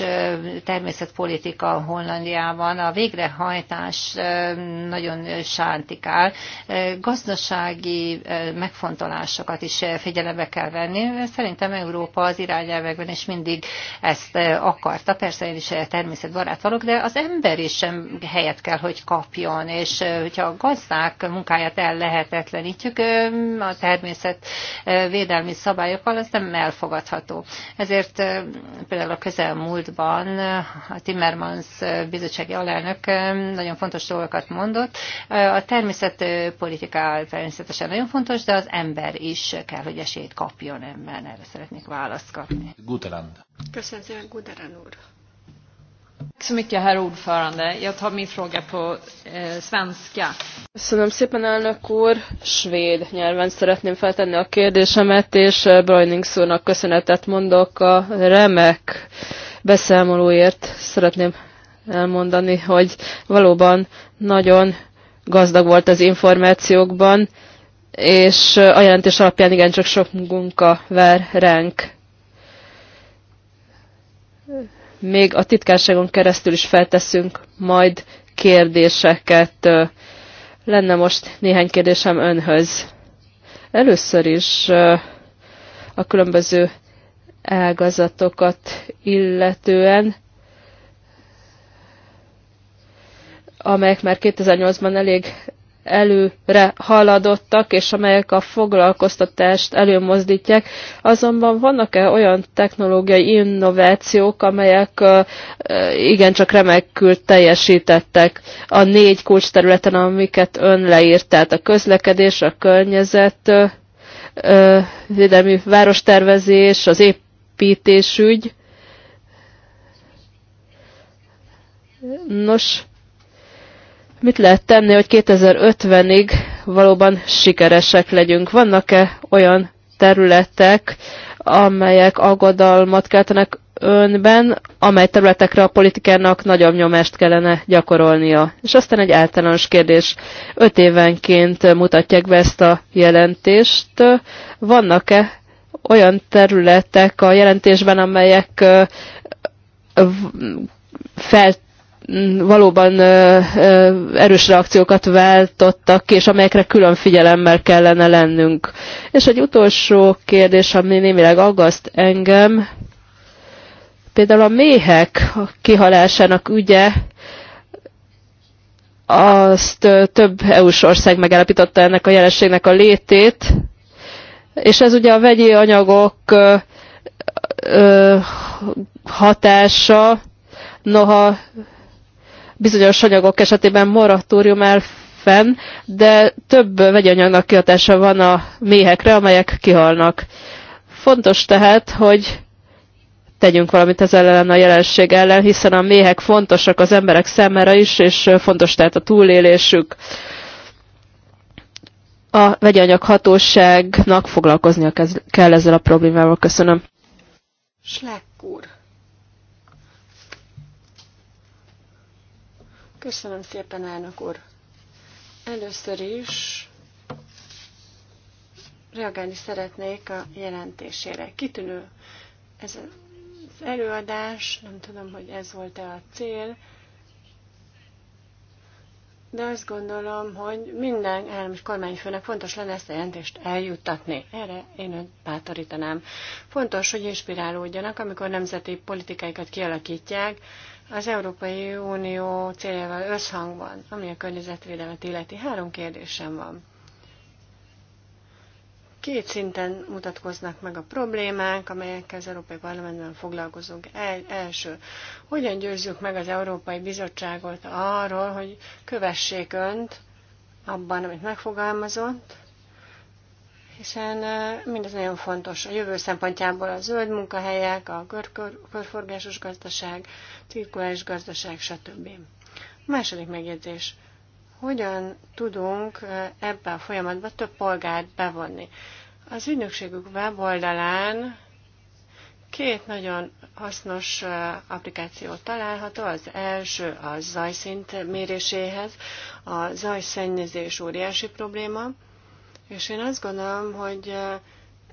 természetpolitika Hollandiában. A végrehajtás nagyon sántikál. Gazdasági megfontolásokat aspektusokat is figyelembe kell venni. Szerintem Európa az irányelvekben is mindig ezt akarta. Persze én is természetbarát vagyok, de az ember is sem helyet kell, hogy kapjon, és hogyha a gazdák munkáját el lehetetlenítjük, a természet védelmi szabályokkal, az nem elfogadható. Ezért például a közelmúltban a Timmermans bizottsági alelnök nagyon fontos dolgokat mondott. A természetpolitika természetesen nagyon fontos, de az ember is is kell, hogy esélyt kapjon ebben. Erre szeretnék választ kapni. Guterand. Köszönöm szépen, Guterand úr. Tack mycket, herr ordförande. Jag tar min fråga på eh, svenska. Köszönöm szépen, elnök úr. Svéd nyelven szeretném feltenni a kérdésemet, és eh, Brojnings úrnak köszönetet mondok a remek beszámolóért. Szeretném elmondani, hogy valóban nagyon gazdag volt az információkban, és a jelentés alapján igencsak sok munka vár ránk. Még a titkárságon keresztül is felteszünk majd kérdéseket. Lenne most néhány kérdésem önhöz. Először is a különböző ágazatokat illetően, amelyek már 2008-ban elég előre haladottak, és amelyek a foglalkoztatást előmozdítják. Azonban vannak-e olyan technológiai innovációk, amelyek igencsak remekül teljesítettek a négy kulcs területen, amiket ön leírt, tehát a közlekedés, a környezet, védelmi várostervezés, az építésügy. Nos, Mit lehet tenni, hogy 2050-ig valóban sikeresek legyünk? Vannak-e olyan területek, amelyek aggodalmat keltenek önben, amely területekre a politikának nagyobb nyomást kellene gyakorolnia. És aztán egy általános kérdés. Öt évenként mutatják be ezt a jelentést. Vannak-e olyan területek a jelentésben, amelyek felt valóban erős reakciókat váltottak ki, és amelyekre külön figyelemmel kellene lennünk. És egy utolsó kérdés, ami némileg aggaszt engem, például a méhek kihalásának ügye, azt több EU-s ország megállapította ennek a jelenségnek a létét, és ez ugye a vegyi anyagok hatása, noha bizonyos anyagok esetében moratórium áll fenn, de több vegyanyagnak kihatása van a méhekre, amelyek kihalnak. Fontos tehát, hogy tegyünk valamit ez ellen a jelenség ellen, hiszen a méhek fontosak az emberek számára is, és fontos tehát a túlélésük. A vegyanyag hatóságnak foglalkoznia kell ezzel a problémával. Köszönöm. Schleck úr. Köszönöm szépen, elnök úr. Először is reagálni szeretnék a jelentésére. Kitűnő ez az előadás, nem tudom, hogy ez volt-e a cél, de azt gondolom, hogy minden állami kormányfőnek fontos lenne ezt a jelentést eljuttatni. Erre én őt bátorítanám. Fontos, hogy inspirálódjanak, amikor nemzeti politikáikat kialakítják, az Európai Unió céljával összhangban, ami a környezetvédelmet illeti. Három kérdésem van. Két szinten mutatkoznak meg a problémák, amelyekkel az Európai Parlamentben foglalkozunk. El, első, hogyan győzzük meg az Európai Bizottságot arról, hogy kövessék önt abban, amit megfogalmazott, hiszen mindez nagyon fontos. A jövő szempontjából a zöld munkahelyek, a körforgásos gazdaság, cirkulális gazdaság, stb. A második megjegyzés. Hogyan tudunk ebbe a folyamatba több polgárt bevonni? Az ügynökségük weboldalán két nagyon hasznos applikáció található. Az első a zajszint méréséhez. A zajszennyezés óriási probléma. És én azt gondolom, hogy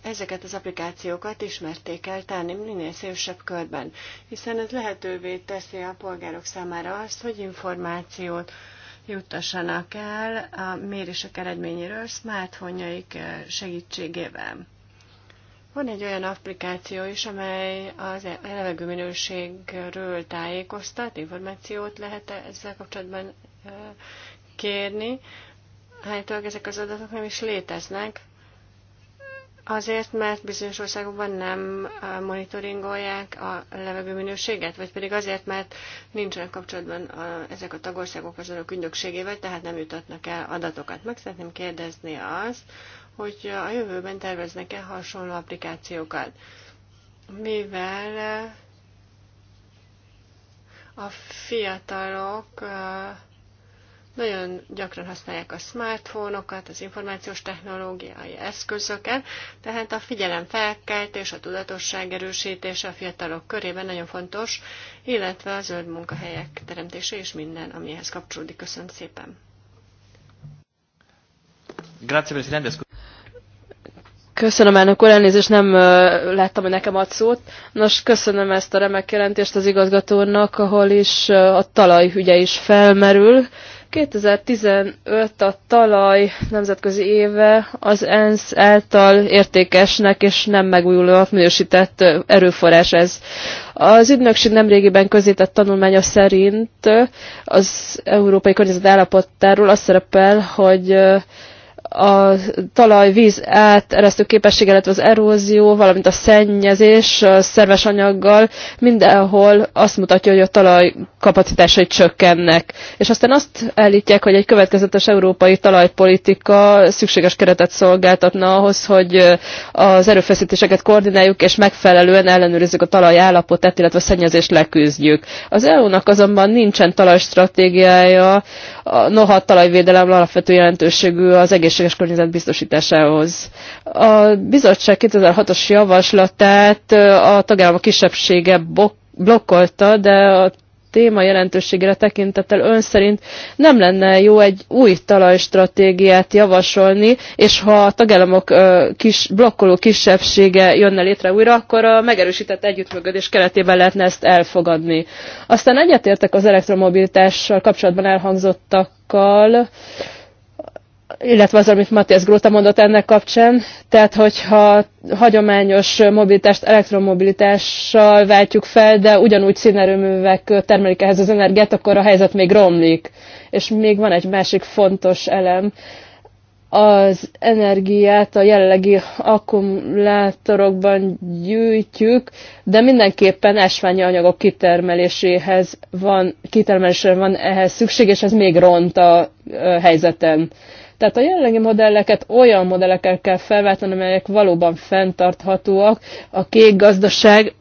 ezeket az applikációkat ismerték el tenni minél szélesebb körben, hiszen ez lehetővé teszi a polgárok számára azt, hogy információt juttassanak el a mérések eredményéről smartphone-jaik segítségével. Van egy olyan applikáció is, amely az e- minőségről tájékoztat, információt lehet ezzel kapcsolatban kérni. Állítólag ezek az adatok nem is léteznek, azért, mert bizonyos országokban nem monitoringolják a levegő minőséget, vagy pedig azért, mert nincsenek kapcsolatban a, ezek a tagországok az önök ügynökségével, tehát nem jutatnak el adatokat. Meg szeretném kérdezni azt, hogy a jövőben terveznek-e hasonló applikációkat, mivel a fiatalok nagyon gyakran használják a smartphone az információs technológiai eszközöket, tehát a figyelem felkeltés, a tudatosság erősítése a fiatalok körében nagyon fontos, illetve a zöld munkahelyek teremtése és minden, amihez ehhez kapcsolódik. Köszönöm szépen! Köszönöm, elnök úr, elnézést, nem láttam, hogy nekem ad szót. Nos, köszönöm ezt a remek jelentést az igazgatónak, ahol is a talajügye is felmerül, 2015 a talaj nemzetközi éve az ENSZ által értékesnek és nem megújulóak minősített erőforrás ez. Az ügynökség nemrégiben közített tanulmánya szerint az európai környezet állapotáról az szerepel, hogy a talajvíz áteresztő képessége, illetve az erózió, valamint a szennyezés a szerves anyaggal mindenhol azt mutatja, hogy a talaj kapacitásai csökkennek. És aztán azt állítják, hogy egy következetes európai talajpolitika szükséges keretet szolgáltatna ahhoz, hogy az erőfeszítéseket koordináljuk és megfelelően ellenőrizzük a talaj állapotát, illetve a szennyezést leküzdjük. Az EU-nak azonban nincsen talajstratégiája, noha a talajvédelem alapvető jelentőségű az egész egészséges környezet biztosításához. A bizottság 2006-os javaslatát a tagállamok kisebbsége blokkolta, de a téma jelentőségére tekintettel ön szerint nem lenne jó egy új talajstratégiát javasolni, és ha a tagállamok kis, blokkoló kisebbsége jönne létre újra, akkor a megerősített együttműködés keretében lehetne ezt elfogadni. Aztán egyetértek az elektromobilitással kapcsolatban elhangzottakkal, illetve az, amit Matthias Gróta mondott ennek kapcsán, tehát hogyha hagyományos mobilitást elektromobilitással váltjuk fel, de ugyanúgy színerőművek termelik ehhez az energiát, akkor a helyzet még romlik. És még van egy másik fontos elem, az energiát a jelenlegi akkumulátorokban gyűjtjük, de mindenképpen ásványi anyagok kitermeléséhez van, kitermelésre van ehhez szükség, és ez még ront a helyzeten. Tehát a jelenlegi modelleket olyan modellekkel kell felváltani, amelyek valóban fenntarthatóak. A kék gazdaság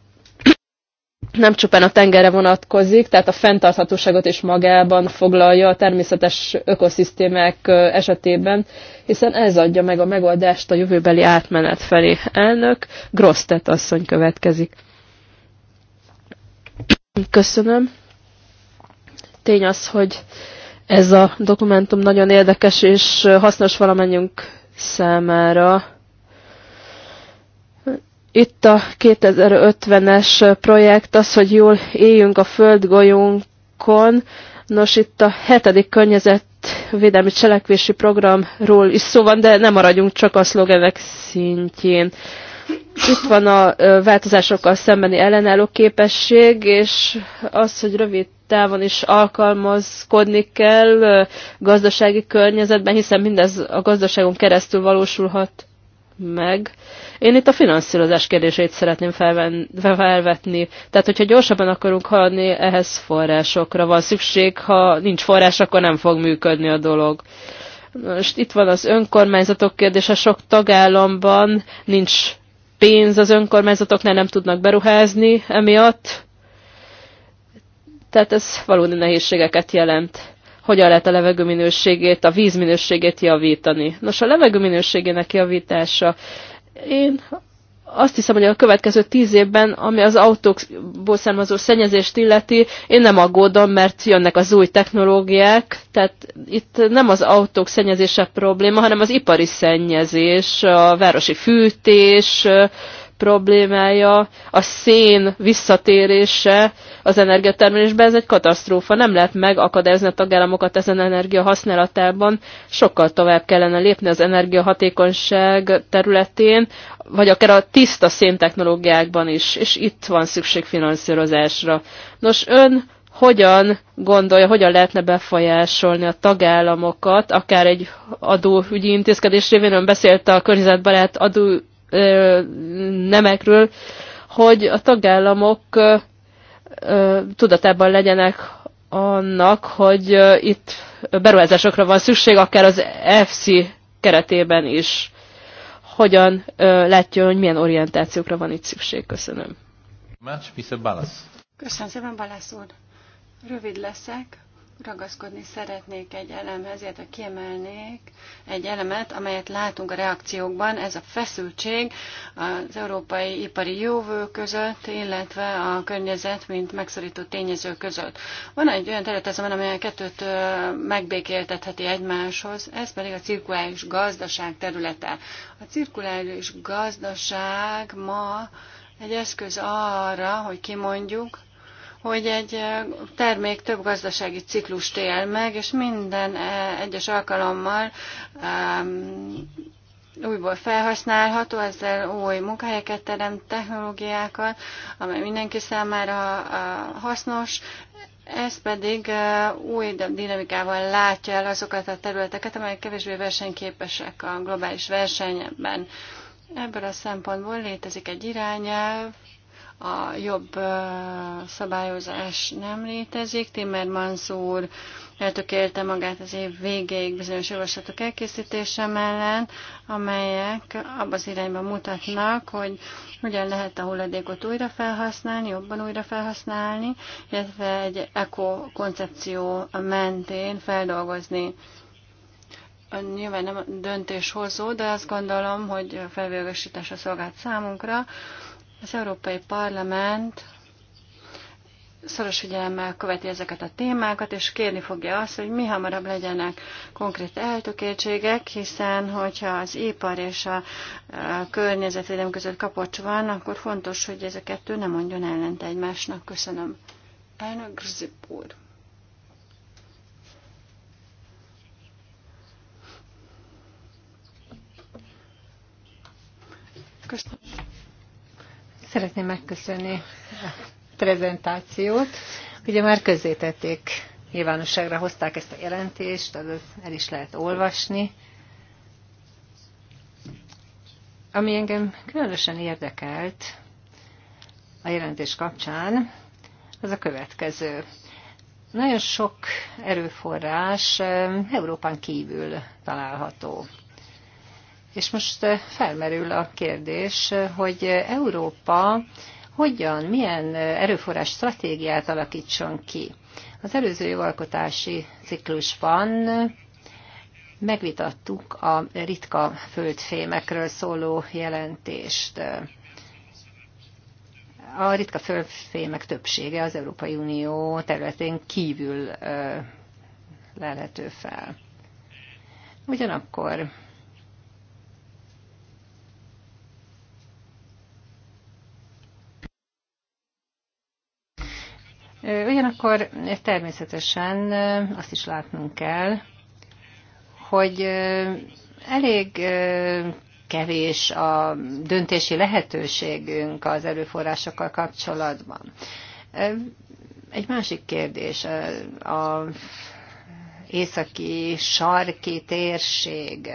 [clears throat] nem csupán a tengerre vonatkozik, tehát a fenntarthatóságot is magában foglalja a természetes ökoszisztémák esetében, hiszen ez adja meg a megoldást a jövőbeli átmenet felé. Elnök Grosztet asszony következik. Köszönöm. Tény az, hogy ez a dokumentum nagyon érdekes és hasznos valamennyünk számára. Itt a 2050-es projekt az, hogy jól éljünk a földgolyónkon. Nos, itt a hetedik környezetvédelmi cselekvési programról is szó van, de nem maradjunk csak a szlogenek szintjén. Itt van a változásokkal szembeni ellenálló képesség, és az, hogy rövid távon is alkalmazkodni kell gazdasági környezetben, hiszen mindez a gazdaságon keresztül valósulhat meg. Én itt a finanszírozás kérdését szeretném felvetni. Tehát, hogyha gyorsabban akarunk haladni, ehhez forrásokra van szükség. Ha nincs forrás, akkor nem fog működni a dolog. Most itt van az önkormányzatok kérdése, sok tagállamban nincs pénz az önkormányzatoknál, nem tudnak beruházni emiatt. Tehát ez valódi nehézségeket jelent. Hogyan lehet a levegő minőségét, a víz minőségét javítani? Nos, a levegő minőségének javítása. Én azt hiszem, hogy a következő tíz évben, ami az autókból származó szennyezést illeti, én nem aggódom, mert jönnek az új technológiák, tehát itt nem az autók szennyezése probléma, hanem az ipari szennyezés, a városi fűtés, problémája, a szén visszatérése az energiatermelésbe, ez egy katasztrófa. Nem lehet megakadályozni a tagállamokat ezen energia használatában. Sokkal tovább kellene lépni az energiahatékonyság területén, vagy akár a tiszta széntechnológiákban is, és itt van szükség finanszírozásra. Nos, ön hogyan gondolja, hogyan lehetne befolyásolni a tagállamokat, akár egy adóügyi intézkedés révén, ön beszélt a környezetbarát adó nemekről, hogy a tagállamok tudatában legyenek annak, hogy itt beruházásokra van szükség, akár az FC keretében is. Hogyan látja, hogy milyen orientációkra van itt szükség? Köszönöm. Köszönöm szépen, Balasz úr. Rövid leszek ragaszkodni szeretnék egy elemhez, illetve kiemelnék egy elemet, amelyet látunk a reakciókban, ez a feszültség az európai ipari jövő között, illetve a környezet, mint megszorító tényező között. Van egy olyan terület azonban, amely a kettőt megbékéltetheti egymáshoz, ez pedig a cirkuláris gazdaság területe. A cirkuláris gazdaság ma egy eszköz arra, hogy kimondjuk, hogy egy termék több gazdasági ciklust él meg, és minden egyes alkalommal újból felhasználható, ezzel új munkahelyeket teremt, technológiákat, amely mindenki számára hasznos, ez pedig új dinamikával látja el azokat a területeket, amelyek kevésbé versenyképesek a globális versenyben. Ebből a szempontból létezik egy irányelv, a jobb szabályozás nem létezik. Timmermans úr eltökélte magát az év végéig bizonyos javaslatok elkészítése mellett, amelyek abba az irányba mutatnak, hogy hogyan lehet a hulladékot újra felhasználni, jobban újra felhasználni, illetve egy eko-koncepció mentén feldolgozni. Nyilván nem döntéshozó, de azt gondolom, hogy felvilágosításra szolgált számunkra, az Európai Parlament szoros figyelemmel követi ezeket a témákat, és kérni fogja azt, hogy mi hamarabb legyenek konkrét eltökéltségek, hiszen hogyha az ipar és a környezetvédelem között kapocs van, akkor fontos, hogy ez a kettő ne mondjon ellent egymásnak. Köszönöm. Elnök Grzip úr. Köszönöm. Szeretném megköszönni a prezentációt. Ugye már közzétették, nyilvánosságra hozták ezt a jelentést, az el is lehet olvasni. Ami engem különösen érdekelt a jelentés kapcsán, az a következő. Nagyon sok erőforrás eh, Európán kívül található. És most eh, felmerül a kérdés, eh, hogy Európa hogyan, milyen eh, erőforrás stratégiát alakítson ki. Az előző jogalkotási ciklusban megvitattuk a ritka földfémekről szóló jelentést. A ritka földfémek többsége az Európai Unió területén kívül lelhető fel. Ugyanakkor Ugyanakkor természetesen azt is látnunk kell, hogy elég kevés a döntési lehetőségünk az erőforrásokkal kapcsolatban. Egy másik kérdés, a északi sarki térség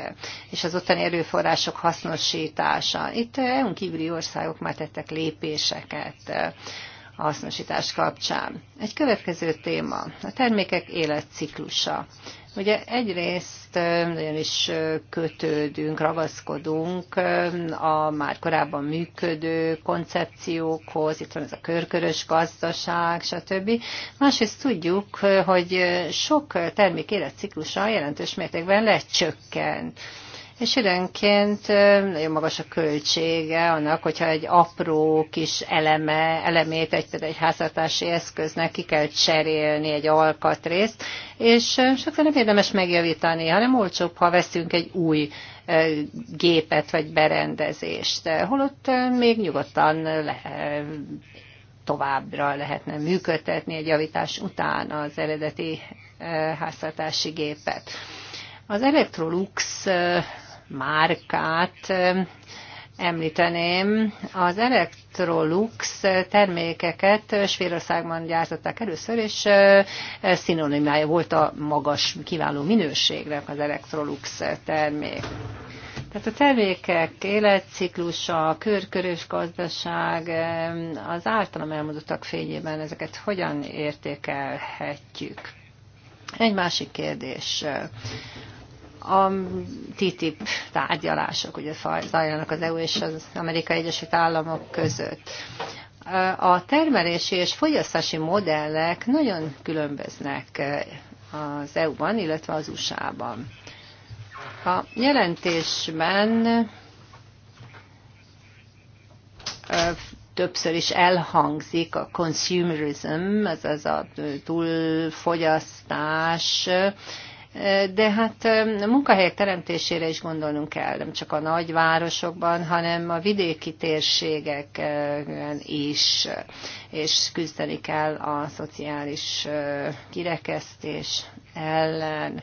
és az ottani erőforrások hasznosítása. Itt EU-n kívüli országok már tettek lépéseket a hasznosítás kapcsán. Egy következő téma, a termékek életciklusa. Ugye egyrészt nagyon is kötődünk, ragaszkodunk a már korábban működő koncepciókhoz, itt van ez a körkörös gazdaság, stb. Másrészt tudjuk, hogy sok termék életciklusa jelentős mértékben lecsökkent és időnként nagyon magas a költsége annak, hogyha egy apró kis eleme, elemét, egy, egy háztartási eszköznek ki kell cserélni egy alkatrészt, és sokszor nem érdemes megjavítani, hanem olcsóbb, ha veszünk egy új gépet vagy berendezést, holott még nyugodtan le, továbbra lehetne működtetni egy javítás után az eredeti háztartási gépet. Az Electrolux márkát említeném. Az Electrolux termékeket Svédországban gyártották először, és szinonimája volt a magas, kiváló minőségnek az Electrolux termék. Tehát a termékek életciklusa, körkörös gazdaság, az általam elmondottak fényében ezeket hogyan értékelhetjük? Egy másik kérdés a TTIP tárgyalások, ugye zajlanak az EU és az Amerikai Egyesült Államok között. A termelési és fogyasztási modellek nagyon különböznek az EU-ban, illetve az USA-ban. A jelentésben többször is elhangzik a consumerism, azaz a túlfogyasztás, de hát a munkahelyek teremtésére is gondolnunk kell, nem csak a nagyvárosokban, hanem a vidéki térségeken is, és küzdeni kell a szociális kirekesztés ellen.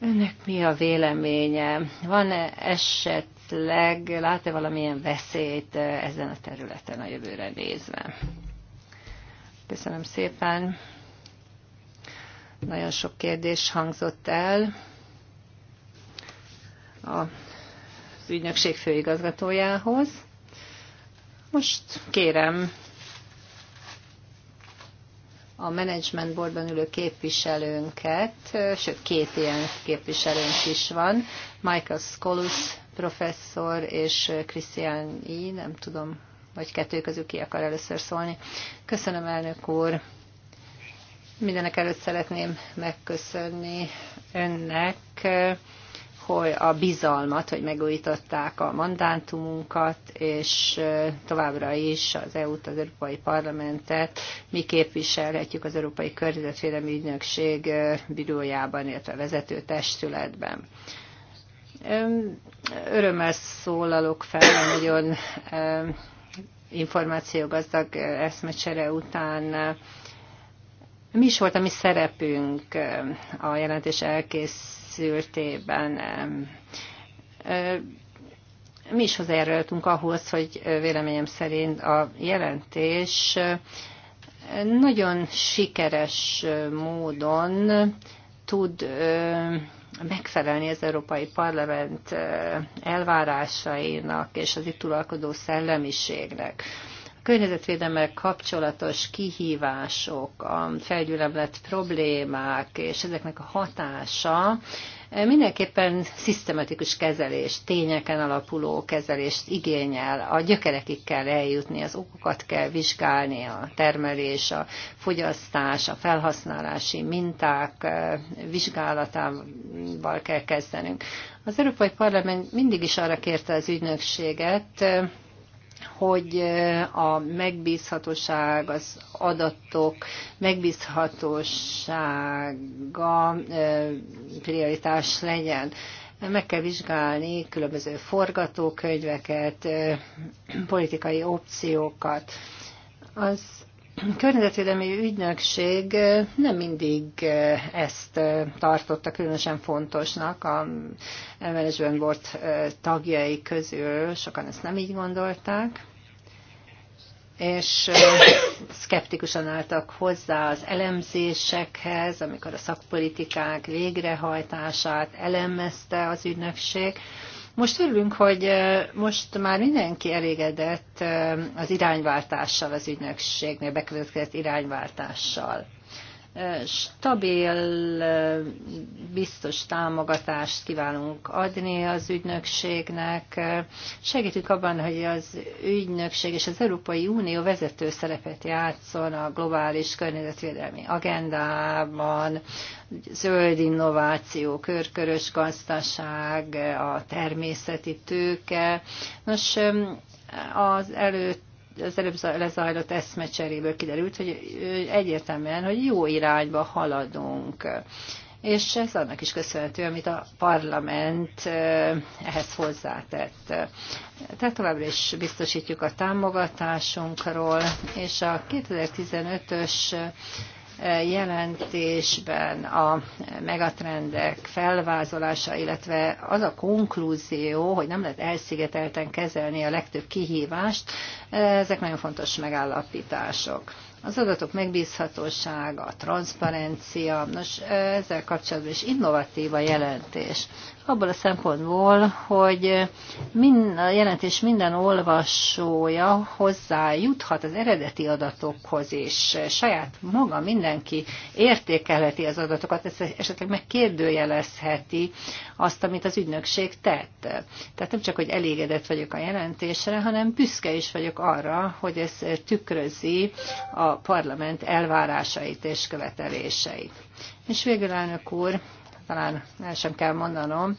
Önnek mi a véleménye? Van-e esetleg, lát-e valamilyen veszélyt ezen a területen a jövőre nézve? Köszönöm szépen. Nagyon sok kérdés hangzott el. A az ügynökség főigazgatójához. Most kérem a Management Boardban ülő képviselőnket, sőt két ilyen képviselőnk is van, Michael Skolus professzor és Christian I, nem tudom, vagy kettő közül ki akar először szólni. Köszönöm, elnök úr! Mindenek előtt szeretném megköszönni önnek hogy a bizalmat, hogy megújították a mandátumunkat, és továbbra is az EU-t, az Európai Parlamentet mi képviselhetjük az Európai Környezetvédelmi Ügynökség bírójában, illetve vezető testületben. Örömmel szólalok fel, nagyon információgazdag eszmecsere után mi is volt a mi szerepünk a jelentés elkészültében? Mi is hozzájárultunk ahhoz, hogy véleményem szerint a jelentés nagyon sikeres módon tud megfelelni az Európai Parlament elvárásainak és az itt uralkodó szellemiségnek környezetvédelmel kapcsolatos kihívások, a felgyülemlett problémák és ezeknek a hatása mindenképpen szisztematikus kezelés, tényeken alapuló kezelést igényel, a gyökerekig kell eljutni, az okokat kell vizsgálni, a termelés, a fogyasztás, a felhasználási minták eh, vizsgálatával kell kezdenünk. Az Európai Parlament mindig is arra kérte az ügynökséget, eh, hogy a megbízhatóság, az adatok megbízhatósága prioritás legyen. Meg kell vizsgálni különböző forgatókönyveket, politikai opciókat. Az környezetvédelmi ügynökség nem mindig ezt tartotta különösen fontosnak a management board tagjai közül, sokan ezt nem így gondolták, és szkeptikusan álltak hozzá az elemzésekhez, amikor a szakpolitikák végrehajtását elemezte az ügynökség, most örülünk, hogy most már mindenki elégedett az irányváltással, az ügynökségnél bekövetkezett irányváltással stabil, biztos támogatást kívánunk adni az ügynökségnek. Segítünk abban, hogy az ügynökség és az Európai Unió vezető szerepet játszon a globális környezetvédelmi agendában, zöld innováció, körkörös gazdaság, a természeti tőke. Nos, az előtt az előbb lezajlott eszmecseréből kiderült, hogy egyértelműen, hogy jó irányba haladunk. És ez annak is köszönhető, amit a parlament ehhez hozzátett. Tehát továbbra is biztosítjuk a támogatásunkról, és a 2015-ös jelentésben a megatrendek felvázolása, illetve az a konklúzió, hogy nem lehet elszigetelten kezelni a legtöbb kihívást, ezek nagyon fontos megállapítások. Az adatok megbízhatósága, a transzparencia, nos, ezzel kapcsolatban is innovatív a jelentés abból a szempontból, hogy mind, a jelentés minden olvasója hozzájuthat az eredeti adatokhoz, és saját maga mindenki értékelheti az adatokat, esetleg megkérdőjelezheti azt, amit az ügynökség tett. Tehát nem csak, hogy elégedett vagyok a jelentésre, hanem büszke is vagyok arra, hogy ez tükrözi a parlament elvárásait és követeléseit. És végül, elnök úr, talán el sem kell mondanom,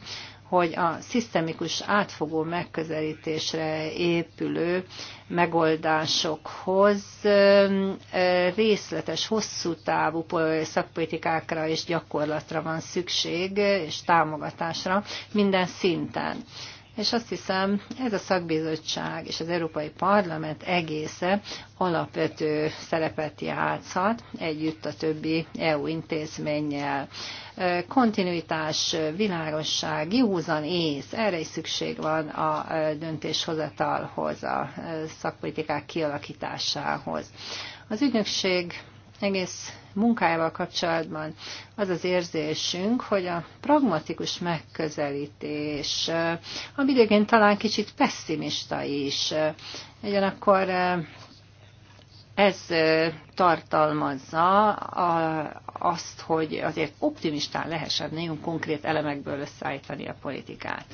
hogy a szisztemikus átfogó megközelítésre épülő megoldásokhoz részletes, hosszú távú szakpolitikákra és gyakorlatra van szükség, és támogatásra minden szinten és azt hiszem ez a szakbizottság és az Európai Parlament egésze alapvető szerepet játszhat együtt a többi EU intézménnyel. Kontinuitás, világosság, józan ész, erre is szükség van a döntéshozatalhoz, a szakpolitikák kialakításához. Az ügynökség egész munkájával kapcsolatban az az érzésünk, hogy a pragmatikus megközelítés, eh, ami idegen talán kicsit pessimista is, eh, ugyanakkor eh, ez tartalmazza azt, hogy azért optimistán lehessen nagyon konkrét elemekből összeállítani a politikát.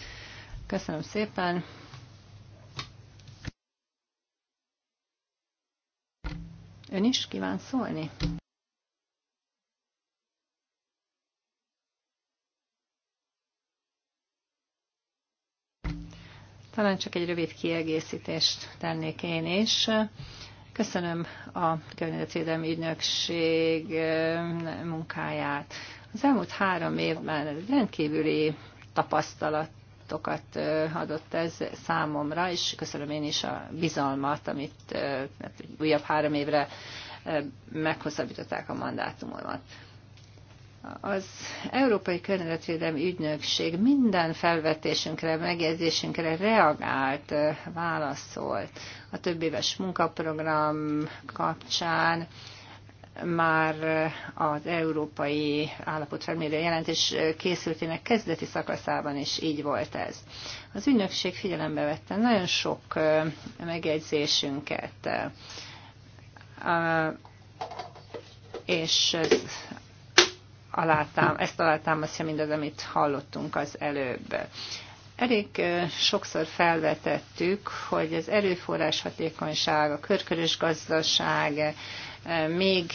Köszönöm szépen! Ön is kíván szólni? Talán csak egy rövid kiegészítést tennék én is. Köszönöm a Környezetvédelmi Ügynökség eh, munkáját. Az elmúlt három évben rendkívüli tapasztalat gondolatokat adott ez számomra, és köszönöm én is a bizalmat, amit hát, újabb három évre meghosszabbították a mandátumomat. Az Európai Környezetvédelmi Ügynökség minden felvetésünkre, megjegyzésünkre reagált, válaszolt a többéves munkaprogram kapcsán már eh, az európai állapot jelentés eh, készültének kezdeti szakaszában is így volt ez. Az ügynökség figyelembe vette nagyon sok eh, megjegyzésünket, és ezt alátámasztja mindaz, amit hallottunk az előbb. Elég sokszor felvetettük, hogy az erőforrás hatékonyság, a körkörös gazdaság, még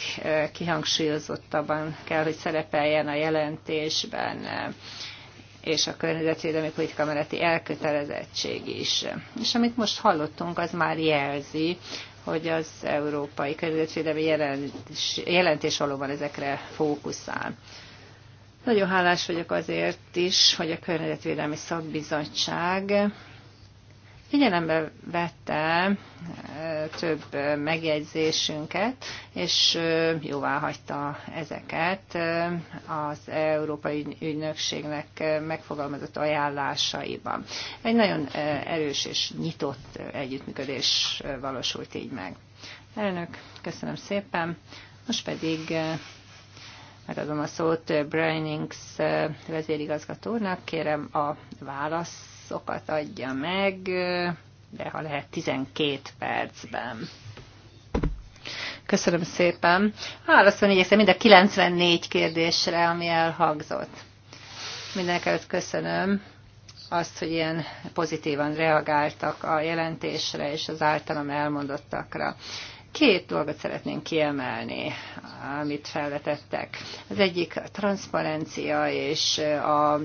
kihangsúlyozottabban kell, hogy szerepeljen a jelentésben és a környezetvédelmi politika melletti elkötelezettség is. És amit most hallottunk, az már jelzi, hogy az európai környezetvédelmi jelentés, jelentés valóban ezekre fókuszál. Nagyon hálás vagyok azért is, hogy a Környezetvédelmi Szakbizottság Figyelembe vette e, több megjegyzésünket, és e, jóvá hagyta ezeket e, az Európai Ügynökségnek megfogalmazott ajánlásaiban. Egy nagyon erős és nyitott együttműködés valósult így meg. Elnök, köszönöm szépen. Most pedig megadom a szót Brainings vezérigazgatónak. Kérem a válasz válaszokat adja meg, de ha lehet 12 percben. Köszönöm szépen. Válaszolni igyekszem mind a 94 kérdésre, ami elhangzott. Mindenkelőtt köszönöm azt, hogy ilyen pozitívan reagáltak a jelentésre és az általam elmondottakra. Két dolgot szeretnénk kiemelni, amit felvetettek. Az egyik a transzparencia és az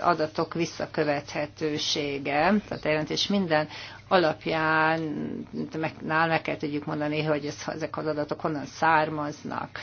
adatok visszakövethetősége, tehát a jelentés minden alapján meg, nál meg kell tudjuk mondani, hogy ez, ezek az adatok honnan származnak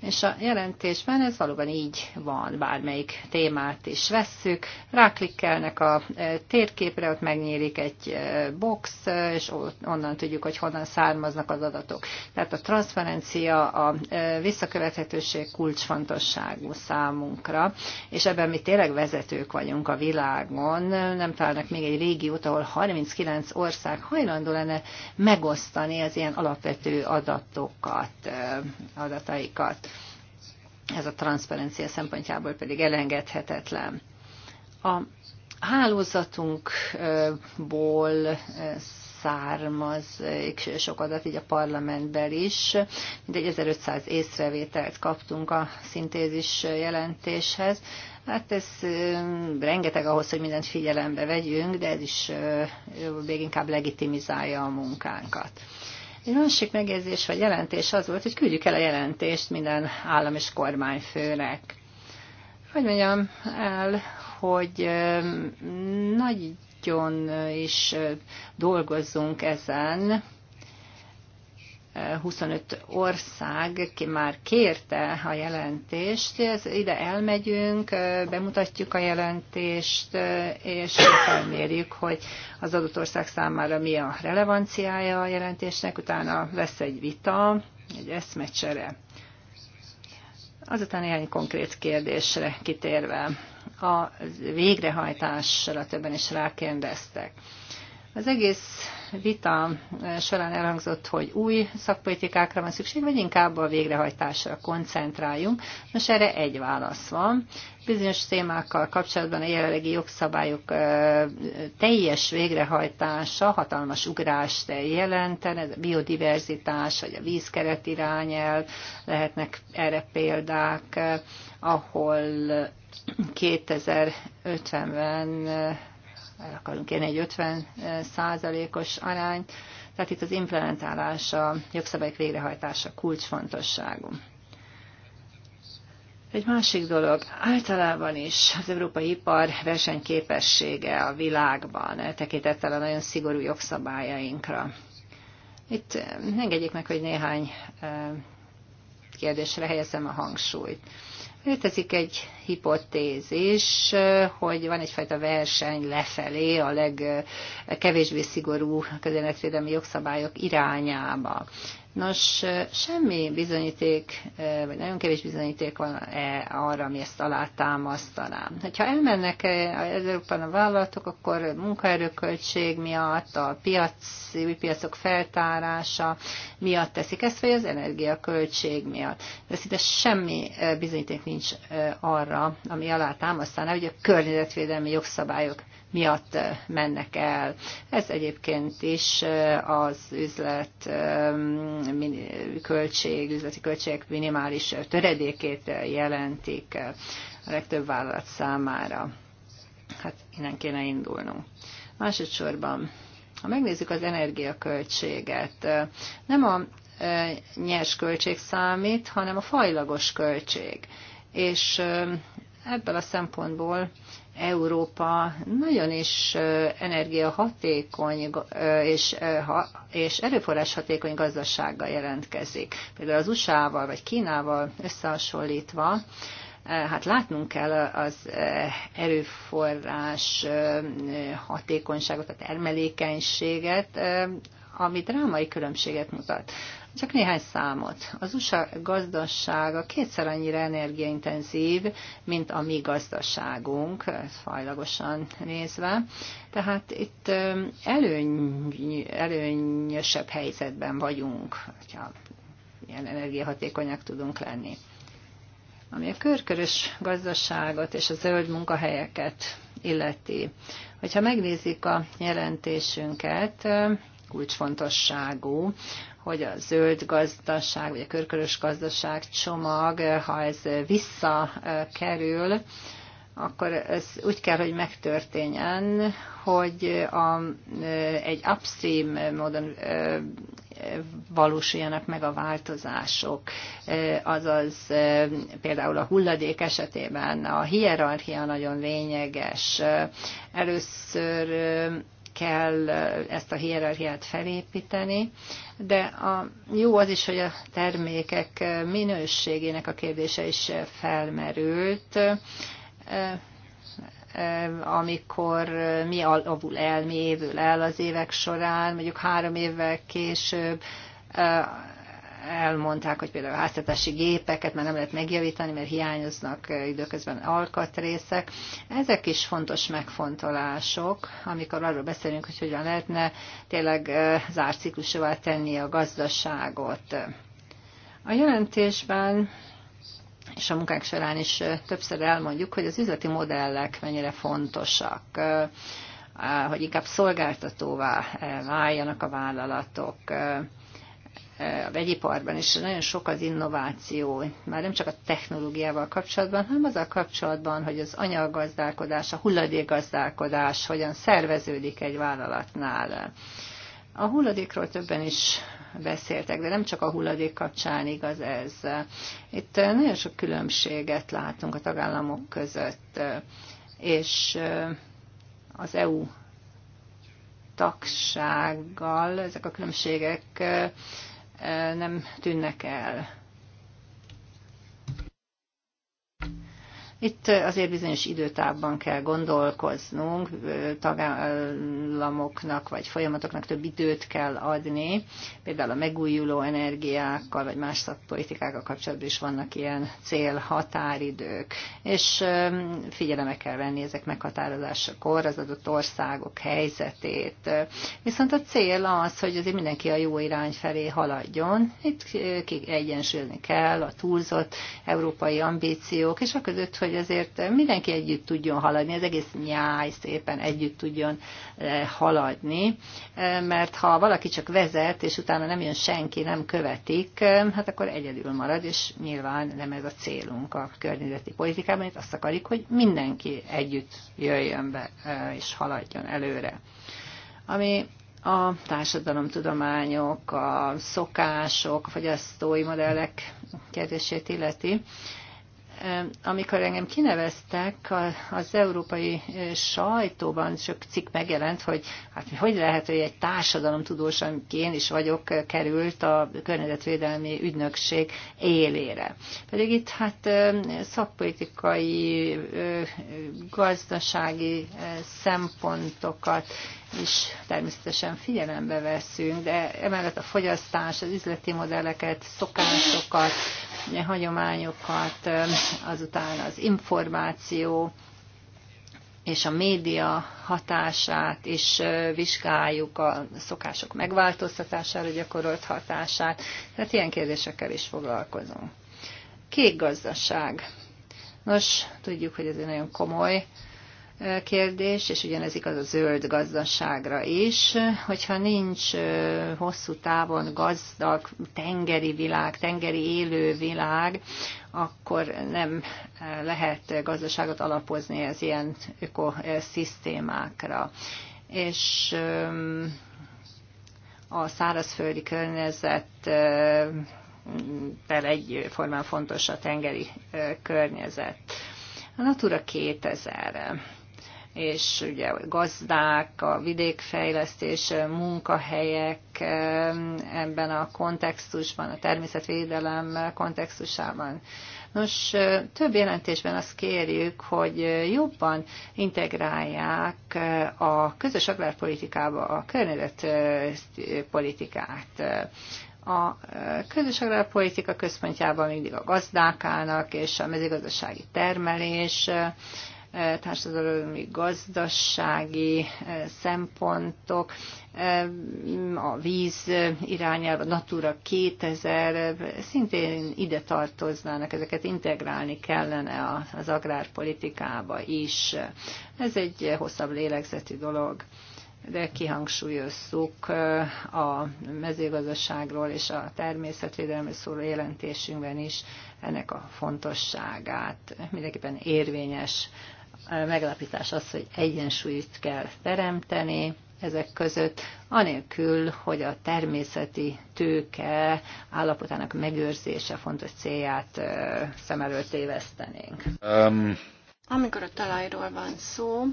és a jelentésben ez valóban így van, bármelyik témát is vesszük. Ráklikkelnek a e, térképre, ott megnyílik egy e, box, e, és onnan tudjuk, hogy honnan származnak az adatok. Tehát a transzparencia, a visszakövethetőség kulcsfontosságú számunkra, és ebben mi tényleg vezetők vagyunk a világon. Nem találnak még egy régiót, ahol 39 ország hajlandó lenne megosztani az ilyen alapvető adatokat, adataikat. Ez a transzparencia szempontjából pedig elengedhetetlen. A hálózatunkból származik sok adat, így a parlamentben is. Mindegy 1500 észrevételt kaptunk a szintézis jelentéshez. Hát ez rengeteg ahhoz, hogy mindent figyelembe vegyünk, de ez is még inkább legitimizálja a munkánkat. Egy másik megjegyzés vagy jelentés az volt, hogy küldjük el a jelentést minden állam és kormányfőnek. Hogy mondjam el, hogy nagyon is dolgozzunk ezen, 25 ország ki már kérte a jelentést, ide elmegyünk, bemutatjuk a jelentést, és felmérjük, hogy az adott ország számára mi a relevanciája a jelentésnek, utána lesz egy vita, egy eszmecsere. Azután néhány konkrét kérdésre kitérve. A végrehajtásra többen is rákérdeztek. Az egész vita eh, során elhangzott, hogy új szakpolitikákra van szükség, vagy inkább a végrehajtásra koncentráljunk. Most erre egy válasz van. Bizonyos témákkal kapcsolatban a jelenlegi jogszabályok eh, teljes végrehajtása hatalmas ugrást jelenten, ez a biodiverzitás, vagy a vízkeret irányel, lehetnek erre példák, eh, ahol 2050-ben el akarunk érni egy 50 eh, százalékos arányt, tehát itt az implementálása, jogszabályok végrehajtása kulcsfontosságú. Egy másik dolog, általában is az európai ipar versenyképessége a világban, tekintettel a nagyon szigorú jogszabályainkra. Itt eh, engedjék meg, hogy néhány eh, kérdésre helyezem a hangsúlyt. Létezik egy hipotézis, hogy van egyfajta verseny lefelé a legkevésbé szigorú közéletvédelmi jogszabályok irányába. Nos, semmi bizonyíték, vagy nagyon kevés bizonyíték van e, arra, ami ezt alátámasztaná. Ha elmennek Európában a vállalatok, akkor munkaerőköltség miatt, a piaci, új piacok feltárása miatt teszik ezt, vagy az energiaköltség miatt. De szinte semmi bizonyíték nincs arra, ami alátámasztaná, hogy a környezetvédelmi jogszabályok miatt mennek el. Ez egyébként is az üzlet költség, üzleti költségek minimális töredékét jelentik a legtöbb vállalat számára. Hát innen kéne indulnunk. Másodszorban, ha megnézzük az energiaköltséget, nem a nyers költség számít, hanem a fajlagos költség. És ebből a szempontból Európa nagyon is energiahatékony és, és erőforrás hatékony gazdasággal jelentkezik. Például az USA-val vagy Kínával összehasonlítva, hát látnunk kell az erőforrás hatékonyságot, a termelékenységet, ami drámai különbséget mutat. Csak néhány számot. Az USA gazdasága kétszer annyira energiaintenzív, mint a mi gazdaságunk, fajlagosan nézve. Tehát itt előny, előnyösebb helyzetben vagyunk, hogyha ilyen energiahatékonyak tudunk lenni. Ami a körkörös gazdaságot és a zöld munkahelyeket illeti. Hogyha megnézik a jelentésünket, kulcsfontosságú hogy a zöld gazdaság, vagy a körkörös gazdaság csomag, eh, ha ez visszakerül, akkor ez úgy kell, hogy megtörténjen, hogy a, eh, egy upstream módon eh, valósuljanak meg a változások, azaz például a hulladék esetében a hierarchia nagyon lényeges. Először kell ezt a hierarchiát felépíteni, de a, jó az is, hogy a termékek minőségének a kérdése is felmerült amikor mi alavul el, mi évül el az évek során, mondjuk három évvel később elmondták, hogy például háztartási gépeket már nem lehet megjavítani, mert hiányoznak időközben alkatrészek. Ezek is fontos megfontolások, amikor arról beszélünk, hogy hogyan lehetne tényleg zárciklusová tenni a gazdaságot. A jelentésben és a munkánk során is többször elmondjuk, hogy az üzleti modellek mennyire fontosak hogy inkább szolgáltatóvá váljanak a vállalatok a vegyiparban is nagyon sok az innováció, már nem csak a technológiával kapcsolatban, hanem a kapcsolatban, hogy az anyaggazdálkodás, a hulladékgazdálkodás hogyan szerveződik egy vállalatnál. A hulladékról többen is beszéltek, de nem csak a hulladék kapcsán igaz ez. Itt nagyon sok különbséget látunk a tagállamok között, és az EU tagsággal ezek a különbségek nem tűnnek el. Itt azért bizonyos időtávban kell gondolkoznunk, tagállamoknak vagy folyamatoknak több időt kell adni. Például a megújuló energiákkal vagy más szakpolitikákkal kapcsolatban is vannak ilyen célhatáridők, és figyelembe kell venni ezek meghatározásakor az adott országok helyzetét. Viszont a cél az, hogy azért mindenki a jó irány felé haladjon. Itt egyensúlyozni kell a túlzott európai ambíciók, és a között, hogy hogy azért mindenki együtt tudjon haladni, az egész nyáj szépen együtt tudjon eh, haladni, eh, mert ha valaki csak vezet, és utána nem jön senki, nem követik, eh, hát akkor egyedül marad, és nyilván nem ez a célunk a környezeti politikában, itt azt akarjuk, hogy mindenki együtt jöjjön be és haladjon előre. Ami a társadalomtudományok, a szokások, a fogyasztói modellek kérdését illeti amikor engem kineveztek, az európai sajtóban sok cikk megjelent, hogy hát hogy lehet, hogy egy társadalom amik én is vagyok, került a környezetvédelmi ügynökség élére. Pedig itt hát szakpolitikai, gazdasági szempontokat is természetesen figyelembe veszünk, de emellett a fogyasztás, az üzleti modelleket, szokásokat, hagyományokat, azután az információ és a média hatását is vizsgáljuk, a szokások megváltoztatására gyakorolt hatását. Tehát ilyen kérdésekkel is foglalkozunk. Kék gazdaság. Nos, tudjuk, hogy ez egy nagyon komoly kérdés, és ugyanez igaz a zöld gazdaságra is, hogyha nincs hosszú távon gazdag tengeri világ, tengeri élő világ, akkor nem lehet gazdaságot alapozni az ilyen ökoszisztémákra. És a szárazföldi környezet tel egyformán fontos a tengeri környezet. A Natura 2000 és ugye gazdák, a vidékfejlesztés, munkahelyek ebben a kontextusban, a természetvédelem kontextusában. Nos, több jelentésben azt kérjük, hogy jobban integrálják a közös agrárpolitikába a környezetpolitikát. A közös agrárpolitika központjában mindig a gazdák állnak, és a mezőgazdasági termelés, társadalmi, gazdasági eh, szempontok, eh, a víz irányába, a Natura 2000, szintén ide tartoznának, ezeket integrálni kellene az agrárpolitikába is. Ez egy hosszabb lélegzetű dolog de kihangsúlyozzuk eh, a mezőgazdaságról és a természetvédelmi szóló jelentésünkben is ennek a fontosságát. Mindenképpen érvényes Meglapítás, az, hogy egyensúlyt kell teremteni ezek között, anélkül, hogy a természeti tőke állapotának megőrzése fontos célját szem előtt tévesztenénk. Um. Amikor a talajról van szó,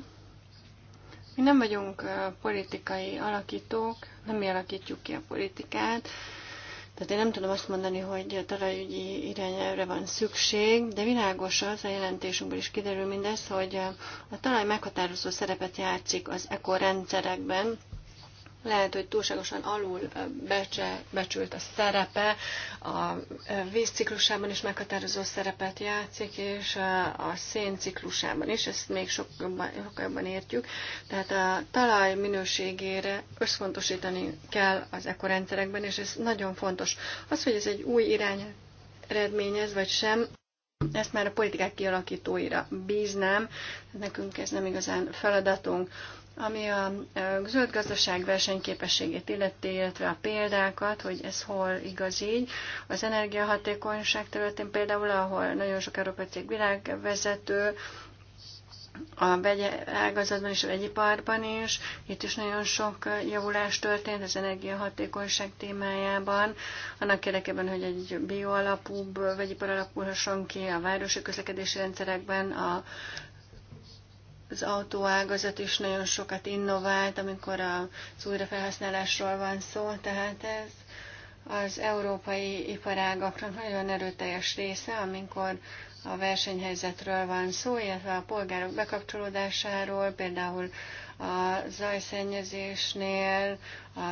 mi nem vagyunk politikai alakítók, nem mi alakítjuk ki a politikát, tehát én nem tudom azt mondani, hogy a talajügyi irányelvre van szükség, de világos az, a jelentésünkből is kiderül mindez, hogy a talaj meghatározó szerepet játszik az ekorendszerekben, lehet, hogy túlságosan alul becse, becsült a szerepe, a vízciklusában is meghatározó szerepet játszik, és a szénciklusában is, ezt még sokkal jobban értjük. Tehát a talaj minőségére összfontosítani kell az ekorendszerekben, és ez nagyon fontos. Az, hogy ez egy új irány eredményez, vagy sem, ezt már a politikák kialakítóira bíznám, nekünk ez nem igazán feladatunk. Ami a zöld gazdaság versenyképességét illeti, illetve a példákat, hogy ez hol igaz így. Az energiahatékonyság területén például, ahol nagyon sok európai cég világvezető, a vegy ágazatban és a vegyiparban is. Itt is nagyon sok javulás történt az energiahatékonyság témájában. Annak érdekében, hogy egy bioalapúbb vegyipar alakulhasson ki a városi közlekedési rendszerekben, a az autóágazat is nagyon sokat innovált, amikor az újrafelhasználásról van szó, tehát ez az európai iparágaknak nagyon erőteljes része, amikor a versenyhelyzetről van szó, illetve a polgárok bekapcsolódásáról, például a zajszennyezésnél, a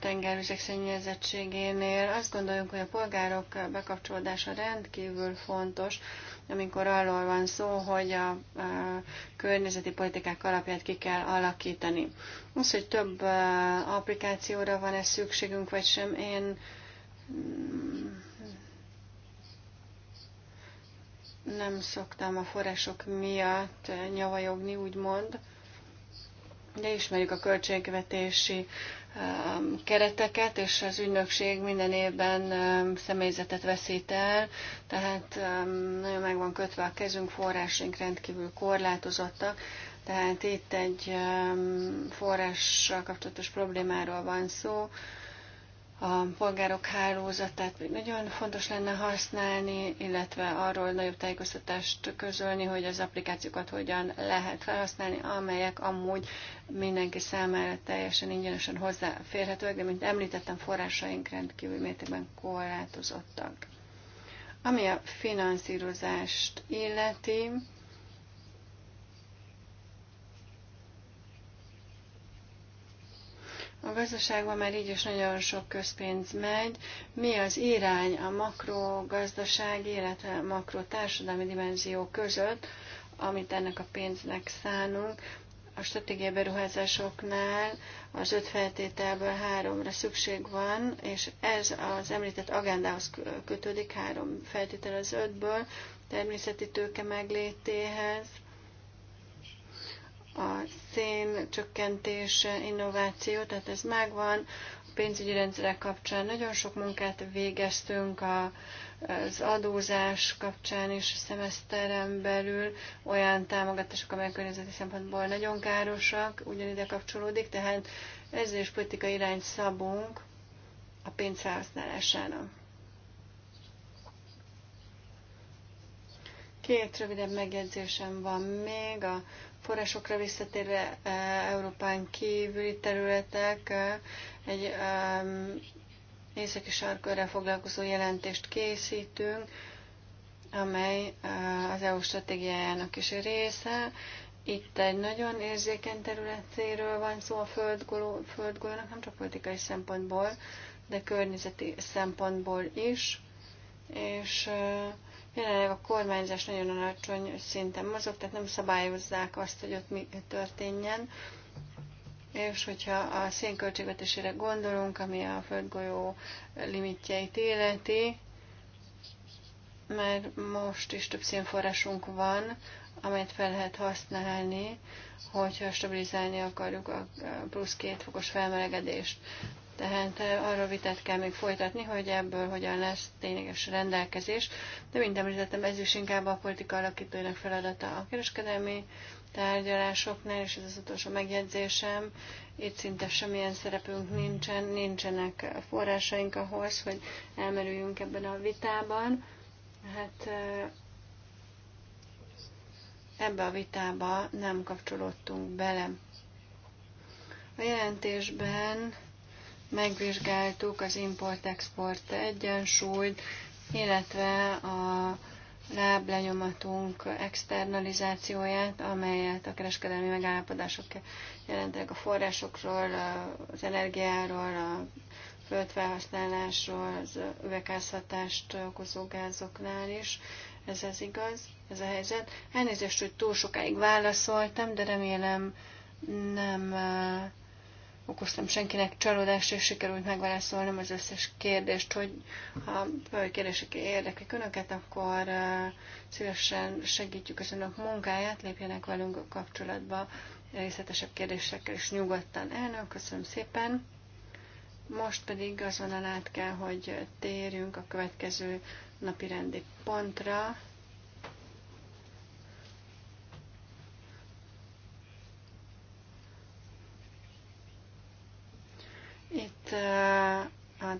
tengervizek szennyezettségénél. Azt gondoljuk, hogy a polgárok bekapcsolódása rendkívül fontos amikor arról van szó, hogy a, környezeti politikák alapját ki kell alakítani. Az, hogy több applikációra van ez szükségünk, vagy sem, én mm, nem szoktam a források miatt nyavajogni, úgymond, de ismerjük a költségvetési Um, kereteket, és az ügynökség minden évben um, személyzetet veszít el, tehát um, nagyon meg van kötve a kezünk, forrásaink rendkívül korlátozottak, tehát itt egy forrással kapcsolatos problémáról van szó, a polgárok hálózatát még nagyon fontos lenne használni, illetve arról nagyobb tájékoztatást közölni, hogy az applikációkat hogyan lehet felhasználni, amelyek amúgy mindenki számára teljesen ingyenesen hozzáférhetőek, de mint említettem, forrásaink rendkívül mértékben korlátozottak. Ami a finanszírozást illeti, A gazdaságban már így is nagyon sok közpénz megy. Mi az irány a makrogazdaság, illetve a makrotársadalmi dimenzió között, amit ennek a pénznek szánunk? A stratégiai beruházásoknál az öt feltételből háromra szükség van, és ez az említett agendához kötődik, három feltétel az ötből, természeti tőke meglétéhez, a szén csökkentés innováció, tehát ez megvan. A pénzügyi rendszerek kapcsán nagyon sok munkát végeztünk a, az adózás kapcsán is, a szemeszteren belül olyan támogatások, amelyek környezeti szempontból nagyon károsak, ugyanide kapcsolódik, tehát ezzel is politikai irányt szabunk a pénz felhasználására. Két rövidebb megjegyzésem van még a forrásokra visszatérve e, Európán kívüli területek e, egy e, északi sarkörrel foglalkozó jelentést készítünk, amely az EU stratégiájának is része. Itt egy nagyon érzékeny területéről van szó a földgolónak, nem csak politikai szempontból, de környezeti szempontból is, és uh, Jelenleg a kormányzás nagyon alacsony szinten mozog, tehát nem szabályozzák azt, hogy ott mi történjen. És hogyha a szénköltségvetésére gondolunk, ami a földgolyó limitjeit életi, mert most is több szénforrásunk van, amelyet fel lehet használni, hogyha stabilizálni akarjuk a plusz két fokos felmelegedést. Tehát arról vitát kell még folytatni, hogy ebből hogyan lesz tényleges rendelkezés, de mint említettem, ez is inkább a politika alakítóinak feladata a kereskedelmi tárgyalásoknál, és ez az utolsó megjegyzésem, itt szinte semmilyen szerepünk nincsen, nincsenek forrásaink ahhoz, hogy elmerüljünk ebben a vitában. Hát ebbe a vitába nem kapcsolódtunk bele. A jelentésben Megvizsgáltuk az import-export egyensúlyt, illetve a láblenyomatunk externalizációját, amelyet a kereskedelmi megállapodások jelentenek a forrásokról, az energiáról, a földfelhasználásról, az üvegházhatást okozó gázoknál is. Ez az igaz, ez a helyzet. Elnézést, hogy túl sokáig válaszoltam, de remélem nem okoztam senkinek csalódást, és sikerült megválaszolnom az összes kérdést, hogy ha kérdések érdeklik önöket, akkor szívesen segítjük az önök munkáját, lépjenek velünk a kapcsolatba részletesebb kérdésekkel is nyugodtan. Elnök, köszönöm szépen! Most pedig azonnal át kell, hogy térjünk a következő napi rendi pontra, Itt a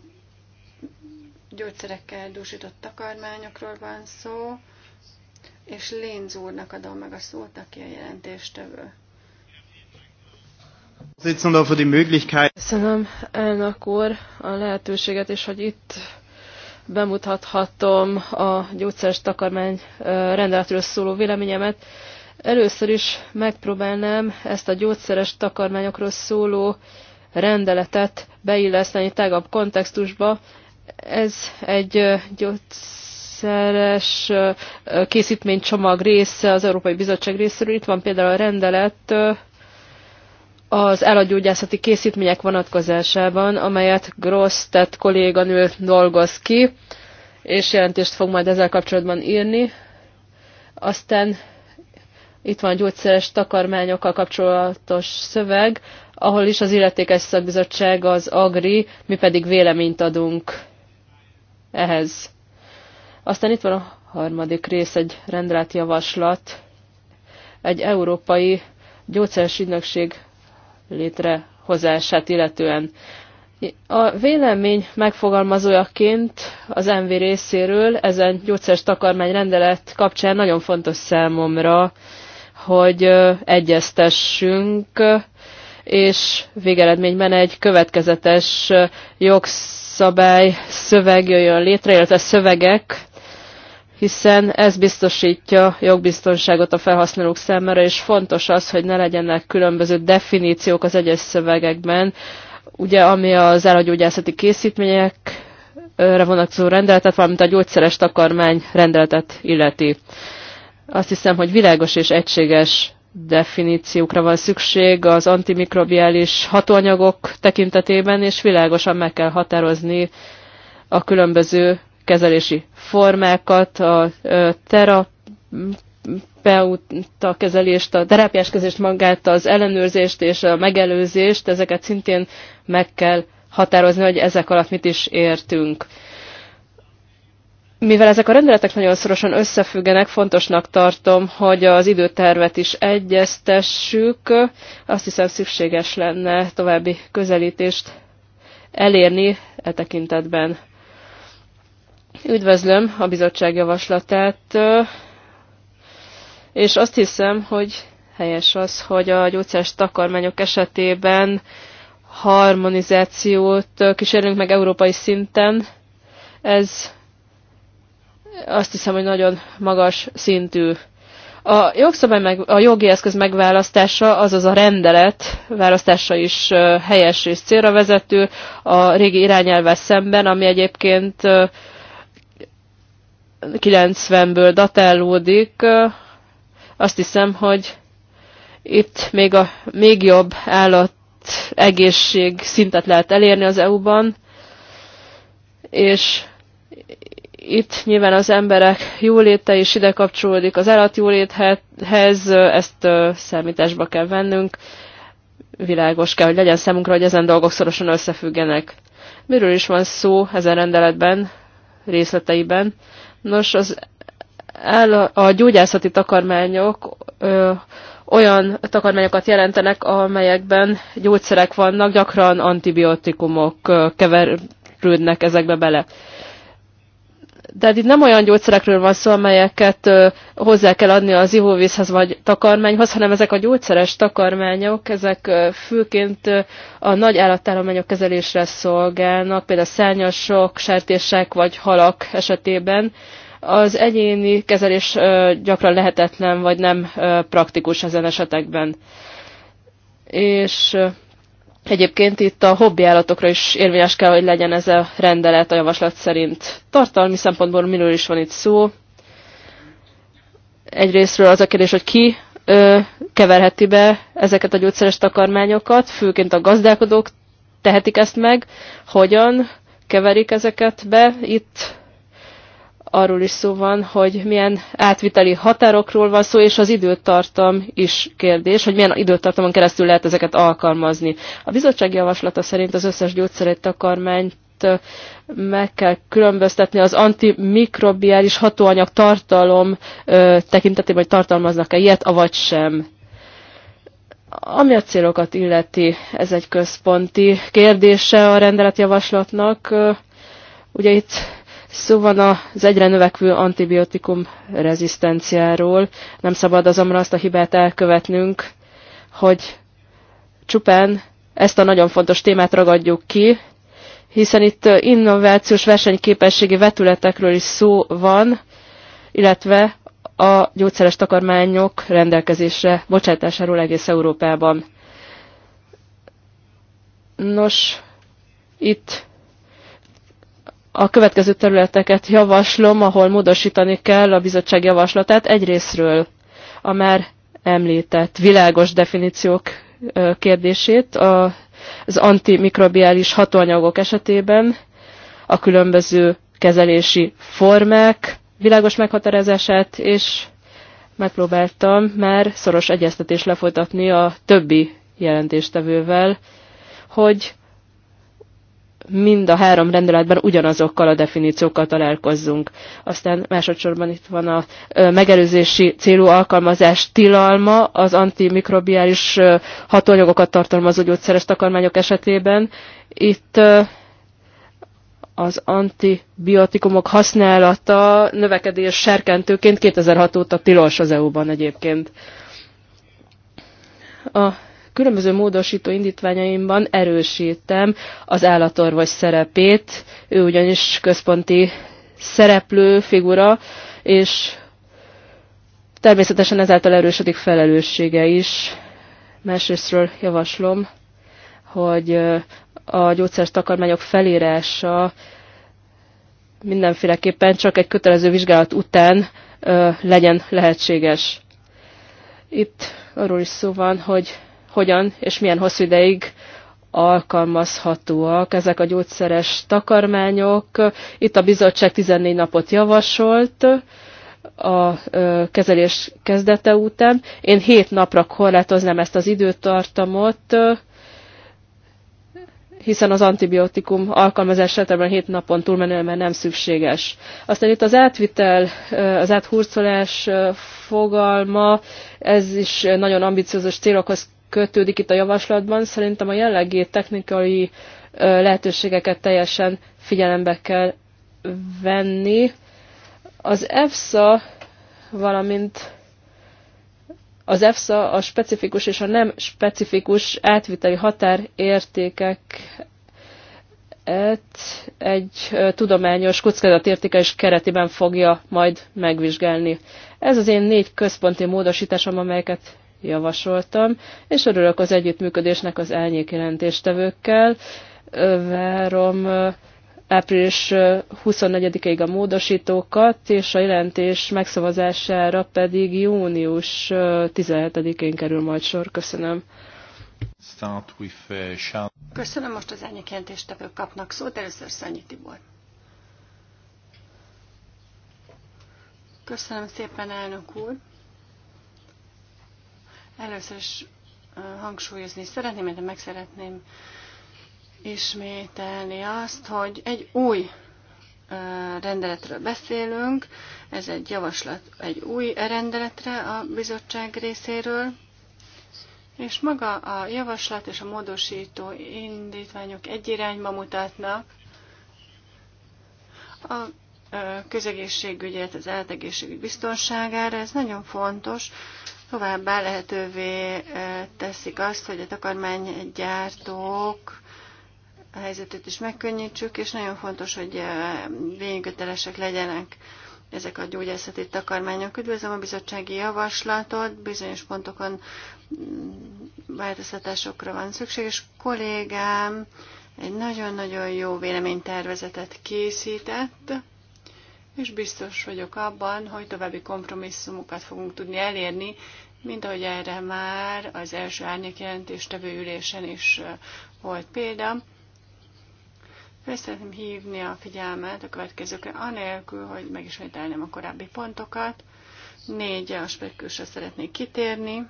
gyógyszerekkel dúsított takarmányokról van szó, és Lénz úrnak adom meg a szót, aki a jelentéstevő. Köszönöm, elnök úr, a lehetőséget, és hogy itt bemutathatom a gyógyszeres takarmány rendeletről szóló véleményemet. Először is megpróbálnám ezt a gyógyszeres takarmányokról szóló rendeletet beilleszteni tágabb kontextusba. Ez egy gyógyszeres készítménycsomag része az Európai Bizottság részéről. Itt van például a rendelet az állatgyógyászati készítmények vonatkozásában, amelyet Gross, tehát kolléganő dolgoz ki, és jelentést fog majd ezzel kapcsolatban írni. Aztán itt van a gyógyszeres takarmányokkal kapcsolatos szöveg, ahol is az illetékes szakbizottság az AGRI, mi pedig véleményt adunk ehhez. Aztán itt van a harmadik rész, egy rendelt javaslat, egy európai gyógyszeres ügynökség létrehozását illetően. A vélemény megfogalmazójaként az MV részéről ezen gyógyszeres takarmány rendelet kapcsán nagyon fontos számomra hogy egyeztessünk, és végeredményben egy következetes jogszabály szöveg jöjjön létre, illetve szövegek, hiszen ez biztosítja jogbiztonságot a felhasználók számára, és fontos az, hogy ne legyenek különböző definíciók az egyes szövegekben, ugye ami az állagyógyászati készítményekre vonatkozó rendeletet, valamint a gyógyszeres takarmány rendeletet illeti. Azt hiszem, hogy világos és egységes definíciókra van szükség az antimikrobiális hatóanyagok tekintetében, és világosan meg kell határozni a különböző kezelési formákat, a terapeuta kezelést, a terápiás kezelést magát, az ellenőrzést és a megelőzést, ezeket szintén meg kell határozni, hogy ezek alatt mit is értünk. Mivel ezek a rendeletek nagyon szorosan összefüggenek, fontosnak tartom, hogy az időtervet is egyeztessük. Azt hiszem szükséges lenne további közelítést elérni e tekintetben. Üdvözlöm a bizottság javaslatát, és azt hiszem, hogy helyes az, hogy a gyógyszeres takarmányok esetében harmonizációt kísérünk meg európai szinten. Ez azt hiszem, hogy nagyon magas szintű. A jogszabály, meg, a jogi eszköz megválasztása, azaz a rendelet választása is helyes és célra vezető a régi irányelvvel szemben, ami egyébként 90-ből datálódik. Azt hiszem, hogy itt még, a, még jobb állat egészség szintet lehet elérni az EU-ban, és itt nyilván az emberek jóléte is ide kapcsolódik az állatjóléthez, ezt számításba kell vennünk. Világos kell, hogy legyen számunkra, hogy ezen dolgok szorosan összefüggenek. Miről is van szó ezen rendeletben, részleteiben? Nos, az áll, a gyógyászati takarmányok ö, olyan takarmányokat jelentenek, amelyekben gyógyszerek vannak, gyakran antibiotikumok keverődnek ezekbe bele de itt nem olyan gyógyszerekről van szó, amelyeket hozzá kell adni az ivóvízhez vagy takarmányhoz, hanem ezek a gyógyszeres takarmányok, ezek főként a nagy állattállományok kezelésre szolgálnak, például szárnyasok, sertések vagy halak esetében. Az egyéni kezelés gyakran lehetetlen vagy nem praktikus ezen esetekben. És Egyébként itt a hobbi állatokra is érvényes kell, hogy legyen ez a rendelet a javaslat szerint. Tartalmi szempontból miről is van itt szó. Egyrésztről az a kérdés, hogy ki ö, keverheti be ezeket a gyógyszeres takarmányokat, főként a gazdálkodók tehetik ezt meg, hogyan keverik ezeket be itt arról is szó van, hogy milyen átviteli határokról van szó, és az időtartam is kérdés, hogy milyen időtartamon keresztül lehet ezeket alkalmazni. A bizottság javaslata szerint az összes gyógyszerét takarmányt meg kell különböztetni az antimikrobiális hatóanyag tartalom tekintetében, hogy tartalmaznak-e ilyet, avagy sem. Ami a célokat illeti, ez egy központi kérdése a rendeletjavaslatnak. Ugye itt Szó van az egyre növekvő antibiotikum rezisztenciáról. Nem szabad azonban azt a hibát elkövetnünk, hogy csupán ezt a nagyon fontos témát ragadjuk ki, hiszen itt innovációs versenyképességi vetületekről is szó van, illetve a gyógyszeres takarmányok rendelkezésre bocsátásáról egész Európában. Nos, itt a következő területeket javaslom, ahol módosítani kell a bizottság javaslatát. Egyrésztről a már említett világos definíciók kérdését az antimikrobiális hatóanyagok esetében, a különböző kezelési formák világos meghatározását, és megpróbáltam már szoros egyeztetés lefolytatni a többi jelentéstevővel, hogy mind a három rendeletben ugyanazokkal a definíciókkal találkozzunk. Aztán másodszorban itt van a megelőzési célú alkalmazás tilalma az antimikrobiális hatóanyagokat tartalmazó gyógyszeres takarmányok esetében. Itt az antibiotikumok használata növekedés serkentőként 2006 óta tilos az EU-ban egyébként. A Különböző módosító indítványaimban erősítem az állatorvos szerepét, ő ugyanis központi szereplő figura, és természetesen ezáltal erősödik felelőssége is. Másrésztről javaslom, hogy a gyógyszeres takarmányok felírása mindenféleképpen csak egy kötelező vizsgálat után legyen lehetséges. Itt arról is szó van, hogy hogyan és milyen hosszú ideig alkalmazhatóak ezek a gyógyszeres takarmányok. Itt a bizottság 14 napot javasolt a kezelés kezdete után. Én 7 napra korlátoznám ezt az időtartamot, hiszen az antibiotikum alkalmazás esetében 7 napon túlmenően már nem szükséges. Aztán itt az átvitel, az áthurcolás fogalma, ez is nagyon ambiciózus célokhoz kötődik itt a javaslatban, szerintem a jellegi technikai lehetőségeket teljesen figyelembe kell venni. Az EFSA, valamint az EFSA a specifikus és a nem specifikus átviteli határértékek egy tudományos kockázatértékelés keretében fogja majd megvizsgálni. Ez az én négy központi módosításom, amelyeket javasoltam, és örülök az együttműködésnek az elnyék jelentéstevőkkel. Várom április 24-ig a módosítókat, és a jelentés megszavazására pedig június 17-én kerül majd sor. Köszönöm. Uh, Köszönöm, most az elnyék jelentéstevők kapnak szót, először Szanyi Tibor. Köszönöm szépen, elnök úr. Először is hangsúlyozni szeretném, mert meg szeretném ismételni azt, hogy egy új rendeletről beszélünk, ez egy javaslat egy új rendeletre a bizottság részéről, és maga a javaslat és a módosító indítványok egy irányba mutatnak. A közegészségügyet, az eltegészségügy biztonságára, ez nagyon fontos, Továbbá lehetővé eh, teszik azt, hogy a takarmánygyártók a helyzetet is megkönnyítsük, és nagyon fontos, hogy eh, vénykötelesek legyenek ezek a gyógyászati takarmányok. Üdvözlöm a bizottsági javaslatot, bizonyos pontokon mm, változtatásokra van szükség, és kollégám egy nagyon-nagyon jó véleménytervezetet készített és biztos vagyok abban, hogy további kompromisszumokat fogunk tudni elérni, mint ahogy erre már az első árnyékjelentés tevő ülésen is volt példa. Fel szeretném hívni a figyelmet a következőkre, anélkül, hogy megismételném a korábbi pontokat. Négy aspektusra szeretnék kitérni.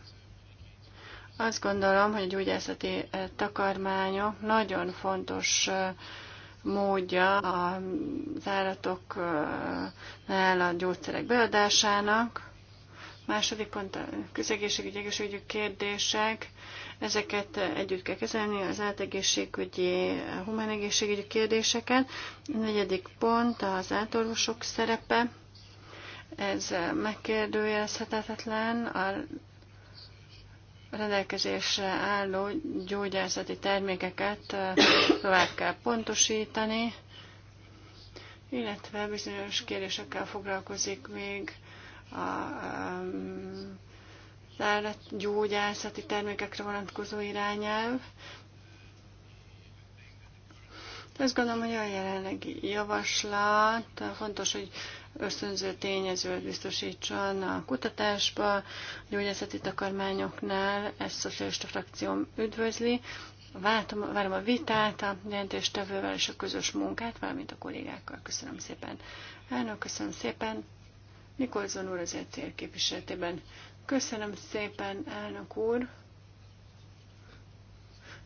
Azt gondolom, hogy a gyógyászati takarmányok nagyon fontos uh, módja az állatoknál a gyógyszerek beadásának. Második pont a közegészségügyi egészségügyi kérdések. Ezeket együtt kell kezelni, az átegészségügyi, humán egészségügyi kérdéseket. A negyedik pont az átorvosok szerepe. Ez megkérdőjelezhetetlen. A rendelkezésre álló gyógyászati termékeket tovább kell pontosítani, illetve bizonyos kérésekkel foglalkozik még a gyógyászati termékekre vonatkozó irányelv. Azt gondolom, hogy a jelenlegi javaslat fontos, hogy ösztönző tényezőt biztosítson a kutatásba, a gyógyászati takarmányoknál, ezt a szocialista frakcióm üdvözli. Váltom, várom a vitát, a jelentéstevővel és a közös munkát, valamint a kollégákkal. Köszönöm szépen. Elnök, köszönöm szépen. Nikolzon úr az ECR képviseletében. Köszönöm szépen, elnök úr.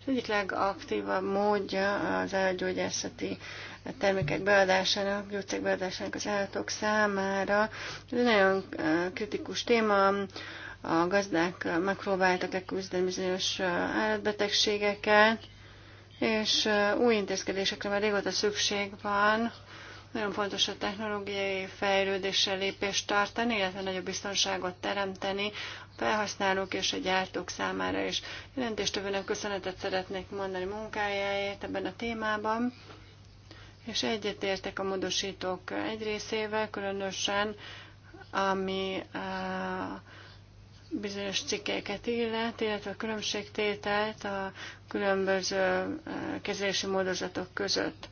Az egyik legaktívabb módja az elgyógyászati a termékek beadásának, gyógyszerek beadásának az állatok számára. Ez egy nagyon kritikus téma. A gazdák megpróbáltak leküzdeni bizonyos állatbetegségeket, és új intézkedésekre már régóta szükség van. Nagyon fontos a technológiai fejlődésre lépést tartani, illetve nagyobb biztonságot teremteni a felhasználók és a gyártók számára is. Jelentéstevőnek köszönetet szeretnék mondani munkájáért ebben a témában és egyetértek a módosítók egy részével, különösen ami a eh, bizonyos cikkeket illet, illetve a különbségtételt a különböző eh, kezelési módozatok között.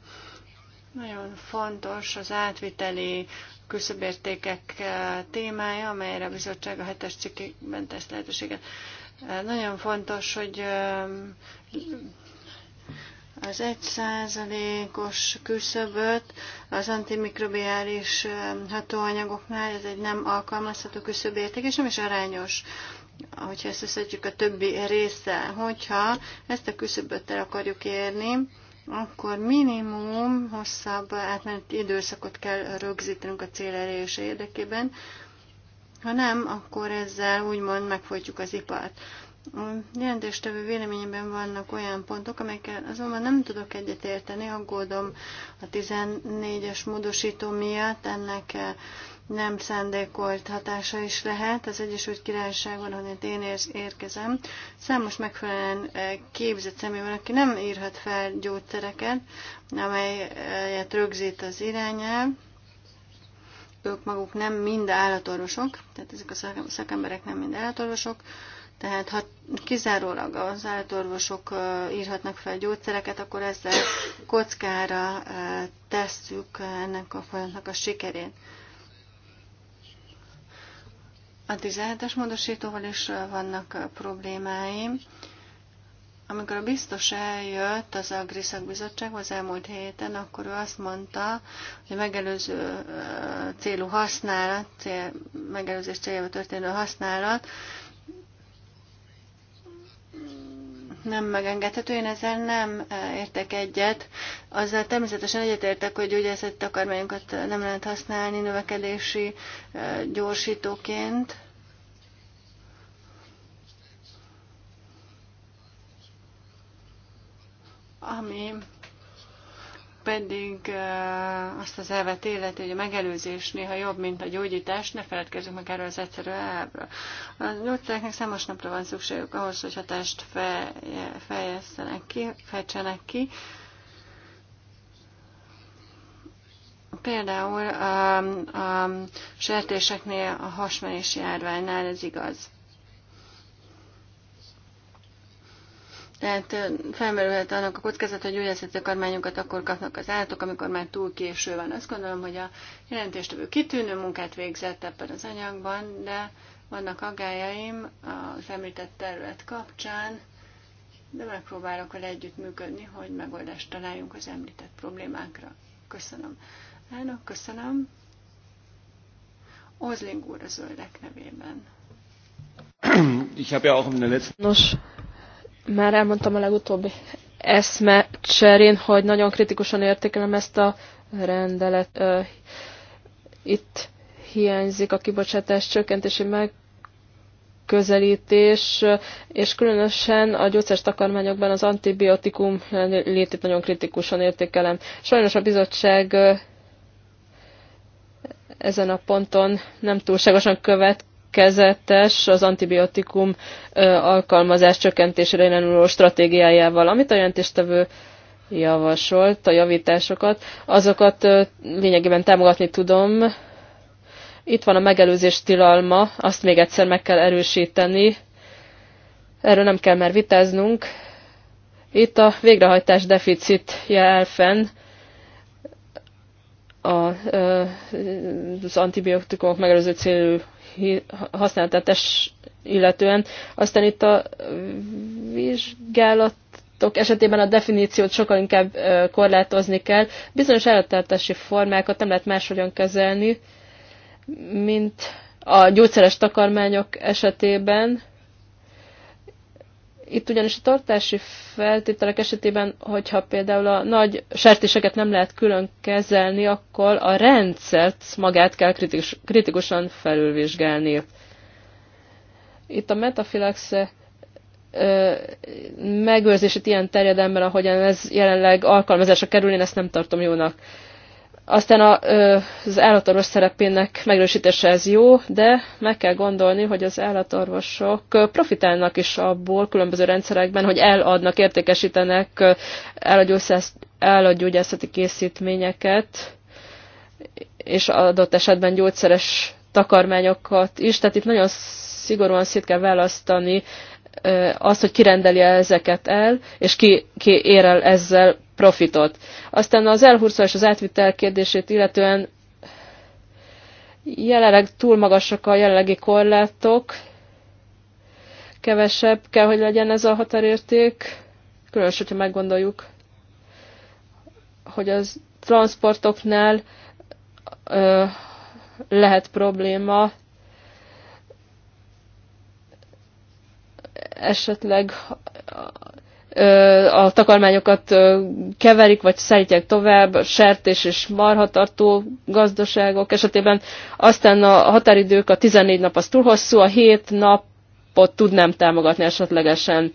Nagyon fontos az átviteli küszöbértékek eh, témája, amelyre a bizottság a hetes cikkében tesz lehetőséget. Nagyon fontos, hogy az egy százalékos küszöböt az antimikrobiális hatóanyagoknál, ez egy nem alkalmazható küszöbérték, és nem is arányos hogyha ezt összetjük a többi résszel, hogyha ezt a küszöböt el akarjuk érni, akkor minimum hosszabb átmeneti időszakot kell rögzítenünk a cél érdekében, ha nem, akkor ezzel úgymond megfolytjuk az ipart. A jelentéstevő véleményében vannak olyan pontok, amelyekkel azonban nem tudok egyetérteni, aggódom a 14-es módosító miatt, ennek eh, nem szándékolt hatása is lehet. Az Egyesült Királyságban, ahol én érkezem, számos megfelelően eh, képzett személy van, aki nem írhat fel gyógyszereket, amelyet rögzít az irányel. ők maguk nem mind állatorvosok, tehát ezek a szakemberek nem mind állatorvosok, tehát ha kizárólag az állatorvosok írhatnak fel gyógyszereket, akkor ezzel kockára tesszük ennek a folyamatnak a sikerét. A 17-es módosítóval is vannak problémáim. Amikor a biztos eljött az Agriszak bizottság, az elmúlt héten, akkor ő azt mondta, hogy megelőző célú használat, cél, megelőzés céljába történő használat nem megengedhető, én ezzel nem e, értek egyet. Azzal természetesen egyetértek, hogy gyógyászati takarmányokat nem lehet használni növekedési e, gyorsítóként. Ami pedig eh, azt az elvet élet, hogy a megelőzés néha jobb, mint a gyógyítás, ne feledkezzünk meg erről az egyszerű elvről. A gyógyszereknek számos napra van szükségük ahhoz, hogy hatást fejezzenek ki, fejtsenek ki. Például a, um, a um, sertéseknél, a hasmenési járványnál ez igaz. Tehát felmerülhet annak a kockázat, hogy gyógyászati kormányokat akkor kapnak az állatok, amikor már túl késő van. Azt gondolom, hogy a jelentéstevő kitűnő munkát végzett ebben az anyagban, de vannak aggájaim az említett terület kapcsán, de megpróbálok vele működni, hogy megoldást találjunk az említett problémákra. Köszönöm. Elnök, köszönöm. Ozling úr a zöldek nevében. Ich habe ja auch in der letzten... Nos, már elmondtam a legutóbbi eszme cserén, hogy nagyon kritikusan értékelem ezt a rendelet. Itt hiányzik a kibocsátás csökkentési megközelítés, és különösen a gyógyszeres takarmányokban az antibiotikum létét nagyon kritikusan értékelem. Sajnos a bizottság ezen a ponton nem túlságosan követ kezetes az antibiotikum alkalmazás csökkentésére irányuló stratégiájával, amit a jelentéstevő javasolt, a javításokat, azokat lényegében támogatni tudom. Itt van a megelőzés tilalma, azt még egyszer meg kell erősíteni. Erről nem kell már vitáznunk. Itt a végrehajtás deficit jel fenn a, az antibiotikumok megelőző célú használatátes illetően. Aztán itt a vizsgálatok esetében a definíciót sokkal inkább korlátozni kell. Bizonyos állattartási formákat nem lehet máshogyan kezelni, mint a gyógyszeres takarmányok esetében itt ugyanis a tartási feltételek esetében, hogyha például a nagy sertéseket nem lehet külön kezelni, akkor a rendszert magát kell kritikus, kritikusan felülvizsgálni. Itt a metafilax megőrzését ilyen terjedelemben, ahogyan ez jelenleg alkalmazásra kerül, én ezt nem tartom jónak. Aztán a, az állatorvos szerepének megerősítése ez jó, de meg kell gondolni, hogy az állatorvosok profitálnak is abból különböző rendszerekben, hogy eladnak, értékesítenek állatgyógyászati készítményeket, és adott esetben gyógyszeres takarmányokat is. Tehát itt nagyon szigorúan szét kell választani azt, hogy kirendeli -e ezeket el, és ki, ki ér el ezzel profitot. Aztán az elhurcolás és az átvitel kérdését illetően jelenleg túl magasak a jelenlegi korlátok, kevesebb kell, hogy legyen ez a határérték, különös, hogyha meggondoljuk, hogy az transportoknál ö, lehet probléma, esetleg a takarmányokat keverik, vagy szállítják tovább, sertés és marhatartó gazdaságok esetében. Aztán a határidők, a 14 nap az túl hosszú, a 7 napot tudnám támogatni esetlegesen.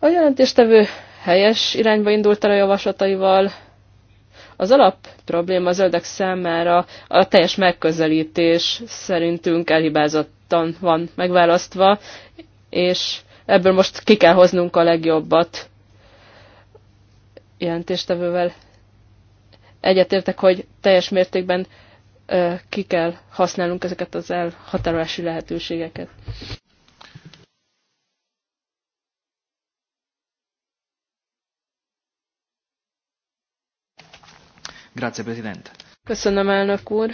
A jelentéstevő helyes irányba indult el a javaslataival. Az alap probléma a zöldek számára a teljes megközelítés szerintünk elhibázottan van megválasztva, és ebből most ki kell hoznunk a legjobbat. Jelentéstevővel egyetértek, hogy teljes mértékben ki kell használnunk ezeket az elhatárolási lehetőségeket. Grazie, President. Köszönöm, elnök úr.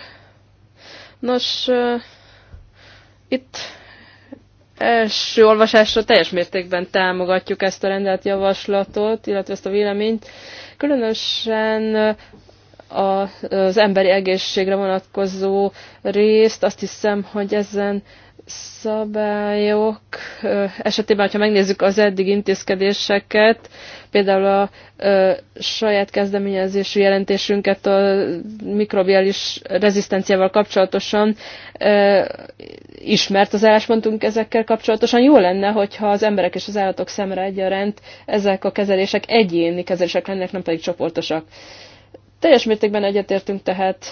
Nos, uh, itt első olvasásra teljes mértékben támogatjuk ezt a rendelt javaslatot, illetve ezt a véleményt. Különösen az emberi egészségre vonatkozó részt, azt hiszem, hogy ezen szabályok esetében, ha megnézzük az eddig intézkedéseket, például a saját kezdeményezésű jelentésünket a mikrobiális rezisztenciával kapcsolatosan ismert az álláspontunk ezekkel kapcsolatosan. Jó lenne, hogyha az emberek és az állatok szemre egyaránt ezek a kezelések egyéni kezelések lennének, nem pedig csoportosak. Teljes mértékben egyetértünk tehát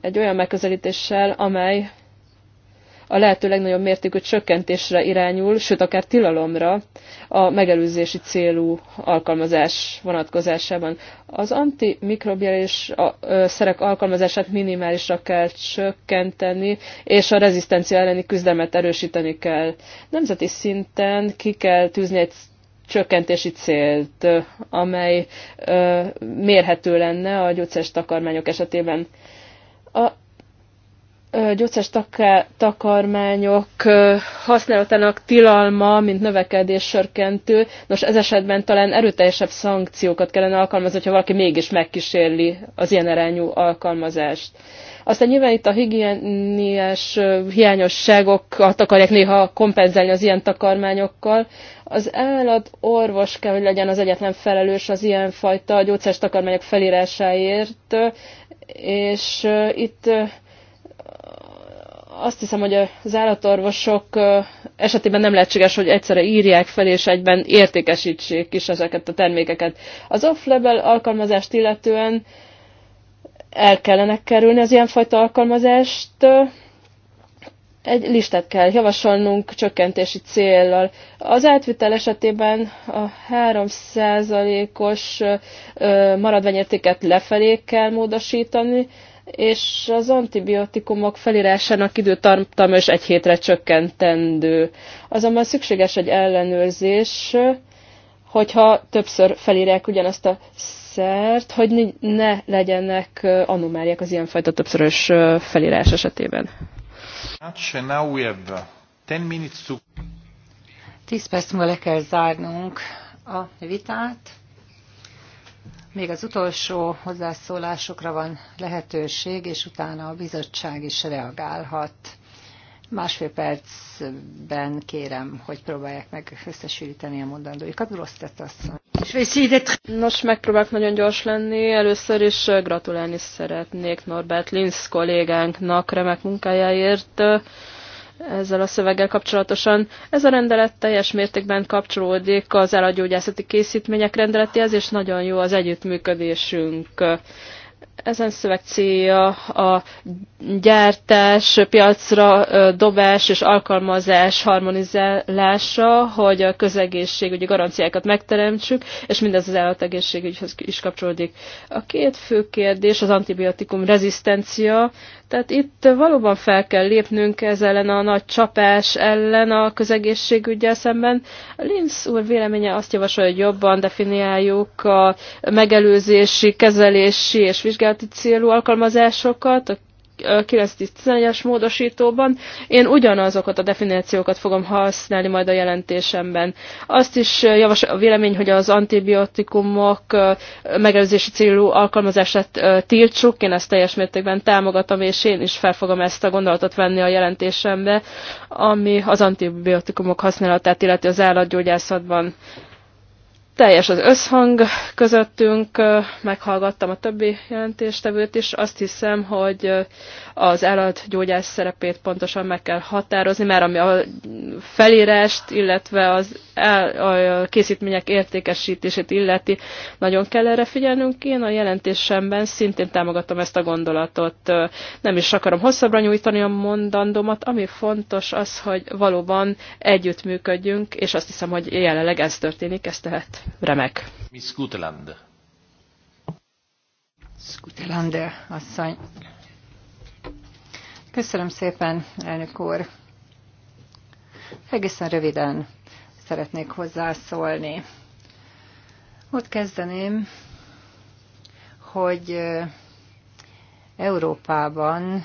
egy olyan megközelítéssel, amely a lehető legnagyobb mértékű csökkentésre irányul, sőt akár tilalomra a megelőzési célú alkalmazás vonatkozásában. Az antimikrobiális szerek alkalmazását minimálisra kell csökkenteni, és a rezisztencia elleni küzdelmet erősíteni kell. Nemzeti szinten ki kell tűzni egy csökkentési célt, amely mérhető lenne a gyógyszeres takarmányok esetében. A gyógyszeres takarmányok használatának tilalma, mint növekedés sörkentő. Nos, ez esetben talán erőteljesebb szankciókat kellene alkalmazni, ha valaki mégis megkísérli az ilyen arányú alkalmazást. Aztán nyilván itt a higiéniás hiányosságokat akarják néha kompenzálni az ilyen takarmányokkal. Az állat orvos kell, hogy legyen az egyetlen felelős az ilyenfajta gyógyszeres takarmányok felírásáért, és itt azt hiszem, hogy az állatorvosok esetében nem lehetséges, hogy egyszerre írják fel, és egyben értékesítsék is ezeket a termékeket. Az off-level alkalmazást illetően el kellene kerülni az ilyenfajta alkalmazást. Egy listát kell javasolnunk csökkentési céllal. Az átvitel esetében a 3%-os maradványértéket lefelé kell módosítani, és az antibiotikumok felírásának időtartama is egy hétre csökkentendő. Azonban szükséges egy ellenőrzés, hogyha többször felírják ugyanazt a szert, hogy ne legyenek anomáliák az ilyenfajta többszörös felírás esetében. 10 hát perc múlva le kell zárnunk a vitát. Még az utolsó hozzászólásokra van lehetőség, és utána a bizottság is reagálhat. Másfél percben kérem, hogy próbálják meg összesűríteni a mondandóikat. Rossz tett asszony. Nos, megpróbálok nagyon gyors lenni. Először is gratulálni szeretnék Norbert Linz kollégánknak remek munkájáért ezzel a szöveggel kapcsolatosan. Ez a rendelet teljes mértékben kapcsolódik az elagyógyászati készítmények rendeletéhez, és nagyon jó az együttműködésünk. Ezen szöveg célja a gyártás, piacra dobás és alkalmazás harmonizálása, hogy a közegészségügyi garanciákat megteremtsük, és mindez az állategészségügyhöz is kapcsolódik. A két fő kérdés az antibiotikum rezisztencia, tehát itt valóban fel kell lépnünk ez ellen a nagy csapás ellen a közegészségügyel szemben. Linz úr véleménye azt javasolja, hogy jobban definiáljuk a megelőzési, kezelési és vizsgálati célú alkalmazásokat, a 9 es módosítóban. Én ugyanazokat a definíciókat fogom használni majd a jelentésemben. Azt is javasol a vélemény, hogy az antibiotikumok megelőzési célú alkalmazását tiltsuk. Én ezt teljes mértékben támogatom, és én is fel fogom ezt a gondolatot venni a jelentésembe, ami az antibiotikumok használatát illeti az állatgyógyászatban teljes az összhang közöttünk, meghallgattam a többi jelentéstevőt is, azt hiszem, hogy az állatgyógyász szerepét pontosan meg kell határozni, mert ami a felírást, illetve az el, a készítmények értékesítését illeti, nagyon kell erre figyelnünk. Én a jelentésemben szintén támogatom ezt a gondolatot. Nem is akarom hosszabbra nyújtani a mondandómat, ami fontos az, hogy valóban együttműködjünk, és azt hiszem, hogy jelenleg ez történik, ez tehet remek. Miss Guteland. Skutelander asszony. Köszönöm szépen, elnök úr. Egészen röviden szeretnék hozzászólni. Ott kezdeném, hogy Európában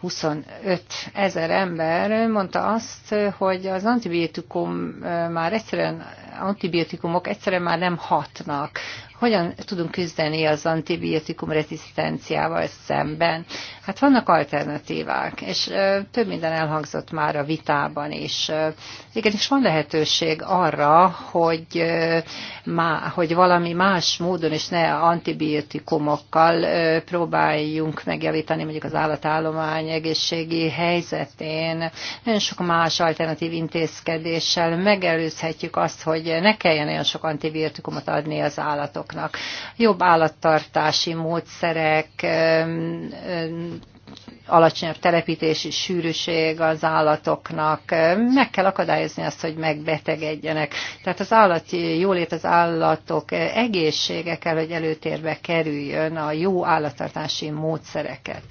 25 ezer ember mondta azt, hogy az antibiotikum már egyszerűen antibiotikumok egyszerűen már nem hatnak hogyan tudunk küzdeni az antibiotikum rezisztenciával szemben. Hát vannak alternatívák, és több minden elhangzott már a vitában is. Igenis van lehetőség arra, hogy, má, hogy valami más módon, és ne antibiotikumokkal próbáljunk megjavítani mondjuk az állatállomány egészségi helyzetén. Nagyon sok más alternatív intézkedéssel megelőzhetjük azt, hogy ne kelljen olyan sok antibiotikumot adni az állatok állatoknak. Jobb állattartási módszerek, alacsonyabb telepítési sűrűség az állatoknak, meg kell akadályozni azt, hogy megbetegedjenek. Tehát az állat jólét, az állatok egészsége kell, hogy előtérbe kerüljön a jó állattartási módszereket.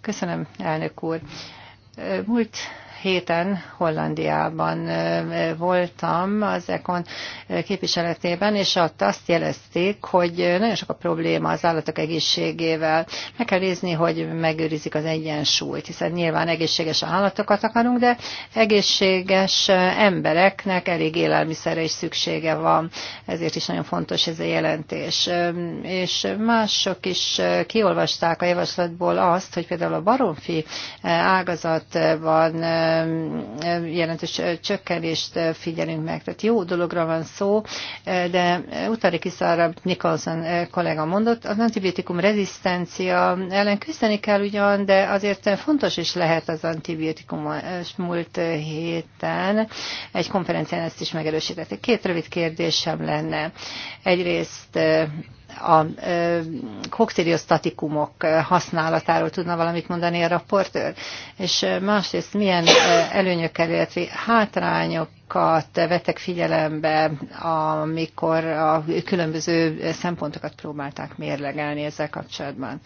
Köszönöm, elnök úr. Múlt héten Hollandiában voltam az ECON képviseletében, és ott azt jelezték, hogy nagyon sok a probléma az állatok egészségével. Meg kell nézni, hogy megőrizik az egyensúlyt, hiszen nyilván egészséges állatokat akarunk, de egészséges embereknek elég élelmiszerre is szüksége van, ezért is nagyon fontos ez a jelentés. És mások is kiolvasták a javaslatból azt, hogy például a baromfi ágazatban jelentős csökkenést figyelünk meg. Tehát jó dologra van szó, de utalnék is arra, amit Nicholson kollega mondott, az antibiotikum rezisztencia ellen küzdeni kell ugyan, de azért fontos is lehet az antibiotikum múlt héten. Egy konferencián ezt is megerősítették. Két rövid kérdésem lenne. Egyrészt a koktériosztatikumok használatáról tudna valamit mondani a raportőr, és másrészt milyen előnyökkel, illetve hátrányokat vettek figyelembe, amikor a különböző szempontokat próbálták mérlegelni ezzel kapcsolatban.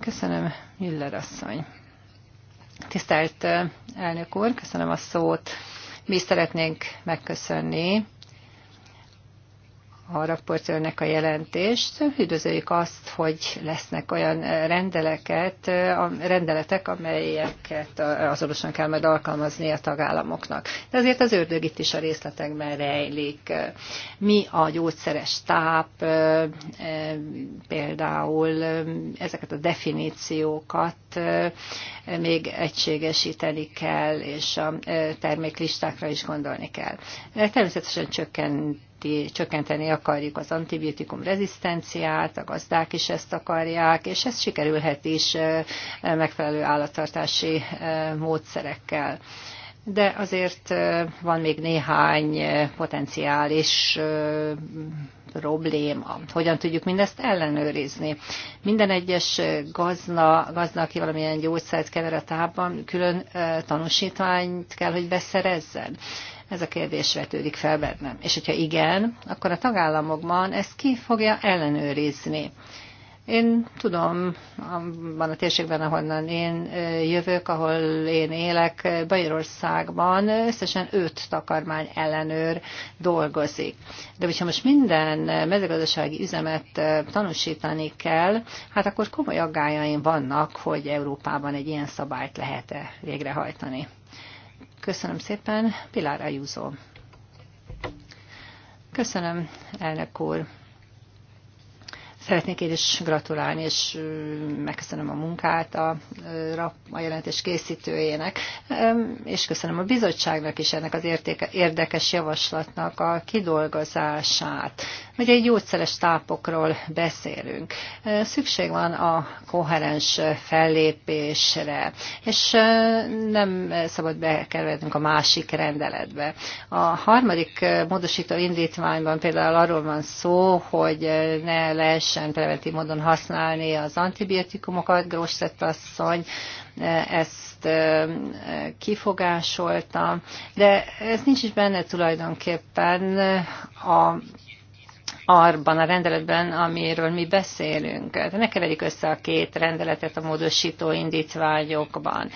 Köszönöm, Müller asszony. Tisztelt elnök úr, köszönöm a szót. Mi szeretnénk megköszönni a raportőrnek a jelentést. Üdvözöljük azt, hogy lesznek olyan rendeleket, a rendeletek, amelyeket azonosan kell majd alkalmazni a tagállamoknak. De azért az ördög itt is a részletekben rejlik. Mi a gyógyszeres táp, e, például ezeket a definíciókat e, még egységesíteni kell, és a e, terméklistákra is gondolni kell. Természetesen csökkent csökkenti, csökkenteni akarjuk az antibiotikum rezisztenciát, a gazdák is ezt akarják, és ez sikerülhet is megfelelő állattartási módszerekkel de azért van még néhány potenciális probléma. Hogyan tudjuk mindezt ellenőrizni? Minden egyes gazna, gazna aki valamilyen gyógyszert kever a tápban, külön tanúsítványt kell, hogy beszerezzen. Ez a kérdés vetődik fel bennem. És hogyha igen, akkor a tagállamokban ezt ki fogja ellenőrizni? Én tudom, van a térségben, ahonnan én jövök, ahol én élek, Bajorországban összesen öt takarmány ellenőr dolgozik. De hogyha most minden mezőgazdasági üzemet tanúsítani kell, hát akkor komoly aggájaim vannak, hogy Európában egy ilyen szabályt lehet-e végrehajtani. Köszönöm szépen, Pilar Ayuso. Köszönöm, elnök úr. Szeretnék én is gratulálni, és megköszönöm a munkát a, a jelentés készítőjének, és köszönöm a bizottságnak is ennek az értéke, érdekes javaslatnak a kidolgozását. Ugye egy gyógyszeres tápokról beszélünk. Szükség van a koherens fellépésre, és nem szabad bekerülnünk a másik rendeletbe. A harmadik módosító indítványban például arról van szó, hogy ne les lehessen preventív módon használni az antibiotikumokat. Grosszett asszony e, ezt e, kifogásolta, de ez nincs is benne tulajdonképpen a arban a rendeletben, amiről mi beszélünk. De ne keverjük össze a két rendeletet a módosító indítványokban.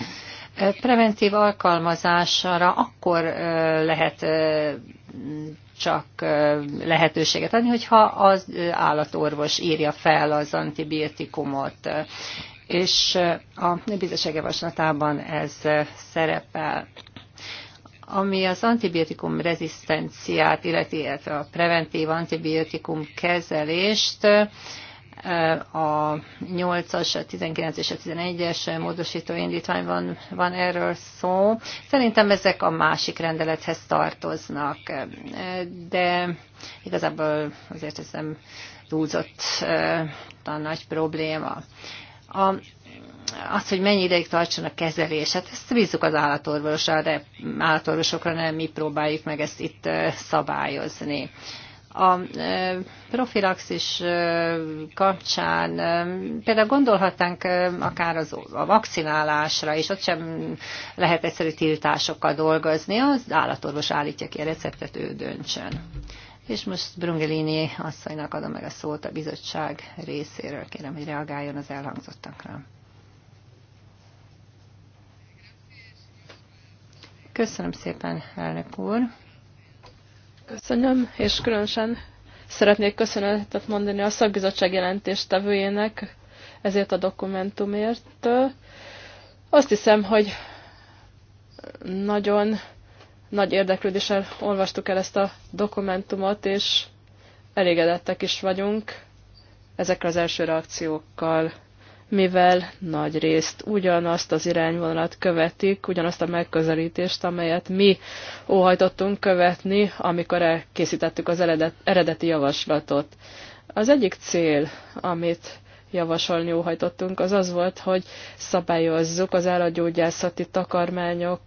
E, preventív alkalmazásra akkor lehet csak lehetőséget adni, hogyha az állatorvos írja fel az antibiotikumot. És a bizottság javaslatában ez szerepel. Ami az antibiotikum rezisztenciát, illetve a preventív antibiotikum kezelést, a 8-as, a 19 és a 11-es módosító indítványban van erről szó. Szerintem ezek a másik rendelethez tartoznak, de igazából azért ez nem túlzott a nagy probléma. A az, hogy mennyi ideig tartson a kezelés, hát ezt bízzuk az állatorvosra, de állatorvosokra nem mi próbáljuk meg ezt itt szabályozni a e, profilaxis e, kapcsán e, például gondolhatnánk akár az, a vakcinálásra, és ott sem lehet egyszerű tiltásokkal dolgozni, az állatorvos állítja ki a receptet, ő döntsön. És most Brungelini asszonynak adom meg a szót a bizottság részéről. Kérem, hogy reagáljon az elhangzottakra. Köszönöm szépen, elnök úr. Köszönöm, és különösen szeretnék köszönetet mondani a szakbizottság jelentéstevőjének ezért a dokumentumért. Azt hiszem, hogy nagyon nagy érdeklődéssel olvastuk el ezt a dokumentumot, és elégedettek is vagyunk ezekkel az első reakciókkal mivel nagy részt ugyanazt az irányvonalat követik, ugyanazt a megközelítést, amelyet mi óhajtottunk követni, amikor elkészítettük az eredeti javaslatot. Az egyik cél, amit javasolni óhajtottunk, az az volt, hogy szabályozzuk az állatgyógyászati takarmányok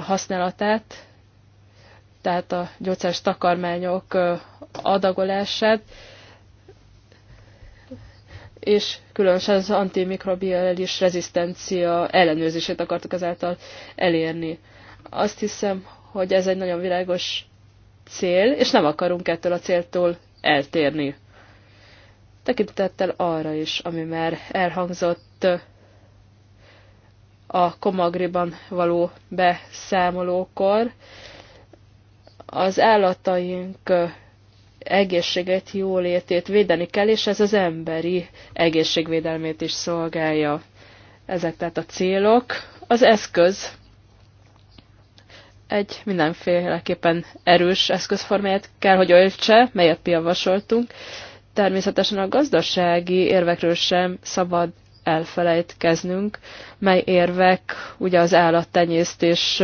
használatát, tehát a gyógyszeres takarmányok adagolását, és különösen az antimikrobiális rezisztencia ellenőrzését akartuk ezáltal elérni. Azt hiszem, hogy ez egy nagyon világos cél, és nem akarunk ettől a céltól eltérni. Tekintettel arra is, ami már elhangzott a komagriban való beszámolókor, az állataink egészséget, jólétét védeni kell, és ez az emberi egészségvédelmét is szolgálja. Ezek tehát a célok. Az eszköz egy mindenféleképpen erős eszközformáját kell, hogy öltse, melyet javasoltunk. Természetesen a gazdasági érvekről sem szabad elfelejtkeznünk, mely érvek ugye az állattenyésztés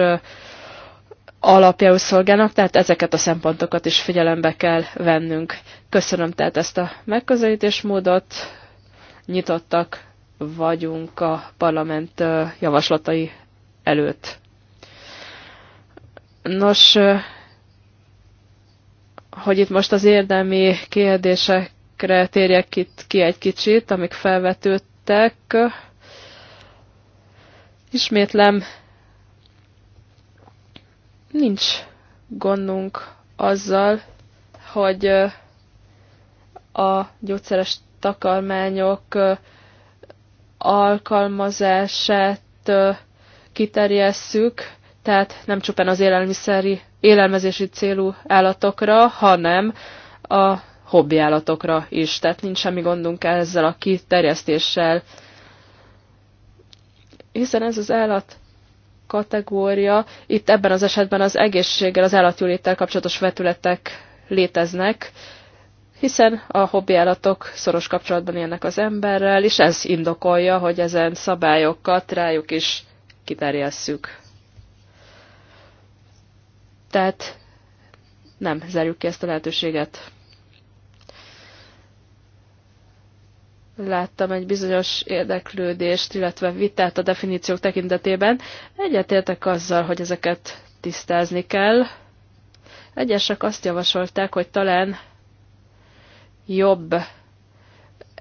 alapjául szolgálnak, tehát ezeket a szempontokat is figyelembe kell vennünk. Köszönöm tehát ezt a megközelítésmódot, nyitottak vagyunk a parlament javaslatai előtt. Nos, hogy itt most az érdemi kérdésekre térjek itt ki egy kicsit, amik felvetődtek. Ismétlem, Nincs gondunk azzal, hogy a gyógyszeres takarmányok alkalmazását kiterjesszük, tehát nem csupán az élelmiszeri, élelmezési célú állatokra, hanem a hobbi állatokra is. Tehát nincs semmi gondunk ezzel a kiterjesztéssel, hiszen ez az állat kategória. Itt ebben az esetben az egészséggel, az állatjóléttel kapcsolatos vetületek léteznek, hiszen a hobbi állatok szoros kapcsolatban élnek az emberrel, és ez indokolja, hogy ezen szabályokat rájuk is kiterjesszük. Tehát nem zárjuk ki ezt a lehetőséget. láttam egy bizonyos érdeklődést, illetve vitát a definíciók tekintetében. Egyetértek azzal, hogy ezeket tisztázni kell. Egyesek azt javasolták, hogy talán jobb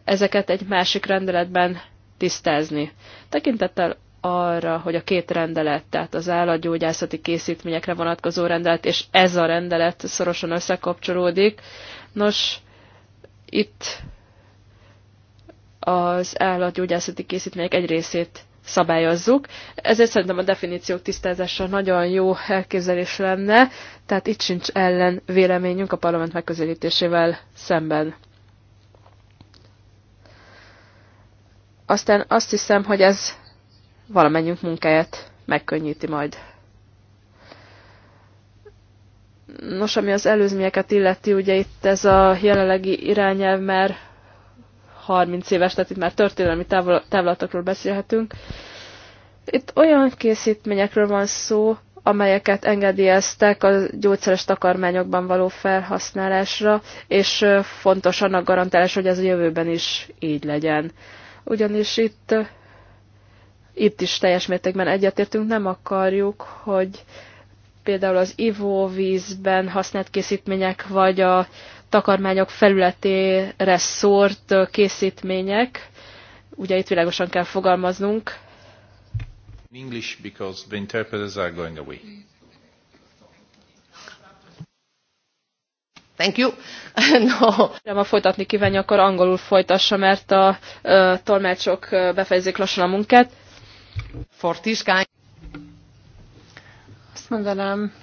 ezeket egy másik rendeletben tisztázni. Tekintettel arra, hogy a két rendelet, tehát az állatgyógyászati készítményekre vonatkozó rendelet, és ez a rendelet szorosan összekapcsolódik. Nos, itt az állatgyógyászati készítmények egy részét szabályozzuk. Ezért szerintem a definíciók tisztázása nagyon jó elképzelés lenne, tehát itt sincs ellen véleményünk a parlament megközelítésével szemben. Aztán azt hiszem, hogy ez valamennyünk munkáját megkönnyíti majd. Nos, ami az előzményeket illeti, ugye itt ez a jelenlegi irányelv már 30 éves, tehát itt már történelmi távlatokról beszélhetünk. Itt olyan készítményekről van szó, amelyeket engedélyeztek a gyógyszeres takarmányokban való felhasználásra, és fontos annak garantálás, hogy ez a jövőben is így legyen. Ugyanis itt, itt is teljes mértékben egyetértünk, nem akarjuk, hogy például az ivóvízben használt készítmények, vagy a takarmányok felületére szórt készítmények. Ugye itt világosan kell fogalmaznunk. English because the interpreters are going away. Thank you. [laughs] no. Ha folytatni kívánja, akkor angolul folytassa, mert a uh, tolmácsok befejezik lassan a munkát. For this kind. Azt mondanám.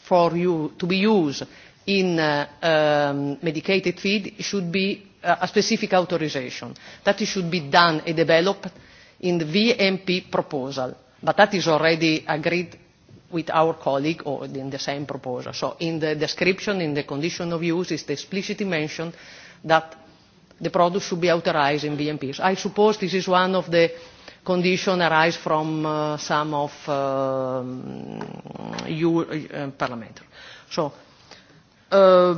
For you to be used in uh, um, medicated feed should be uh, a specific authorization. That should be done and developed in the VMP proposal, but that is already agreed with our colleague or in the same proposal. So in the description, in the condition of use, it's explicitly mentioned that the product should be authorized in VMPs. I suppose this is one of the conditions arise from uh, some of uh, you uh, parliamentary. So Uh,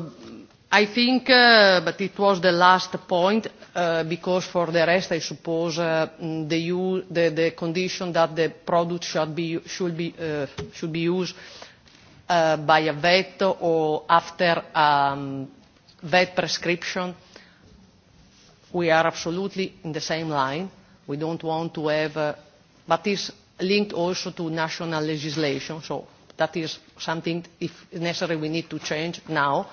I think, uh, but it was the last point, uh, because for the rest, I suppose uh, the, the, the condition that the product should be, should be, uh, should be used uh, by a vet or after um, vet prescription, we are absolutely in the same line. We don't want to have, uh, but it's linked also to national legislation, so That is something, if necessary, we need to change now.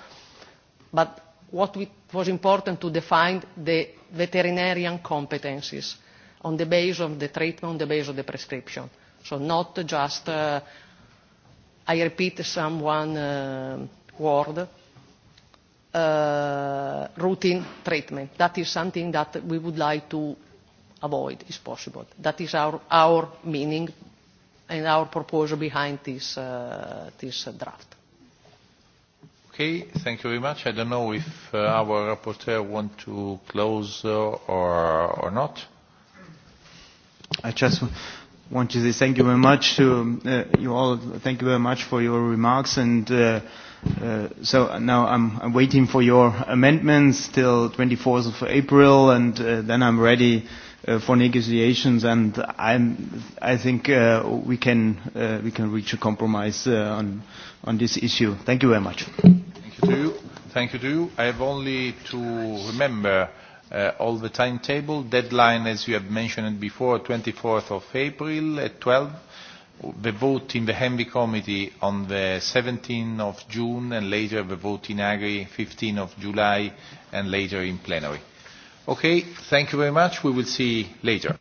But what we, was important to define the veterinarian competencies on the basis of the treatment, on the basis of the prescription. So not just, uh, I repeat some one uh, word, uh, routine treatment. That is something that we would like to avoid, is possible. That is our, our meaning and our proposal behind this, uh, this uh, draft. Okay, thank you very much. I don't know if uh, our rapporteur want to close uh, or, or not. I just want to say thank you very much to uh, you all. Thank you very much for your remarks. And uh, uh, so now I'm, I'm waiting for your amendments till 24th of April, and uh, then I'm ready uh, uh, for negotiations, and I'm, I think uh, we can uh, we can reach a compromise uh, on on this issue. Thank you very much. Thank you to you. Thank you to you. I have only to remember uh, all the timetable deadline, as you have mentioned before, 24th of April at 12. The vote in the HEMBI committee on the 17th of June, and later the vote in AGRI 15th of July, and later in plenary. Okay, thank you very much. We will see later.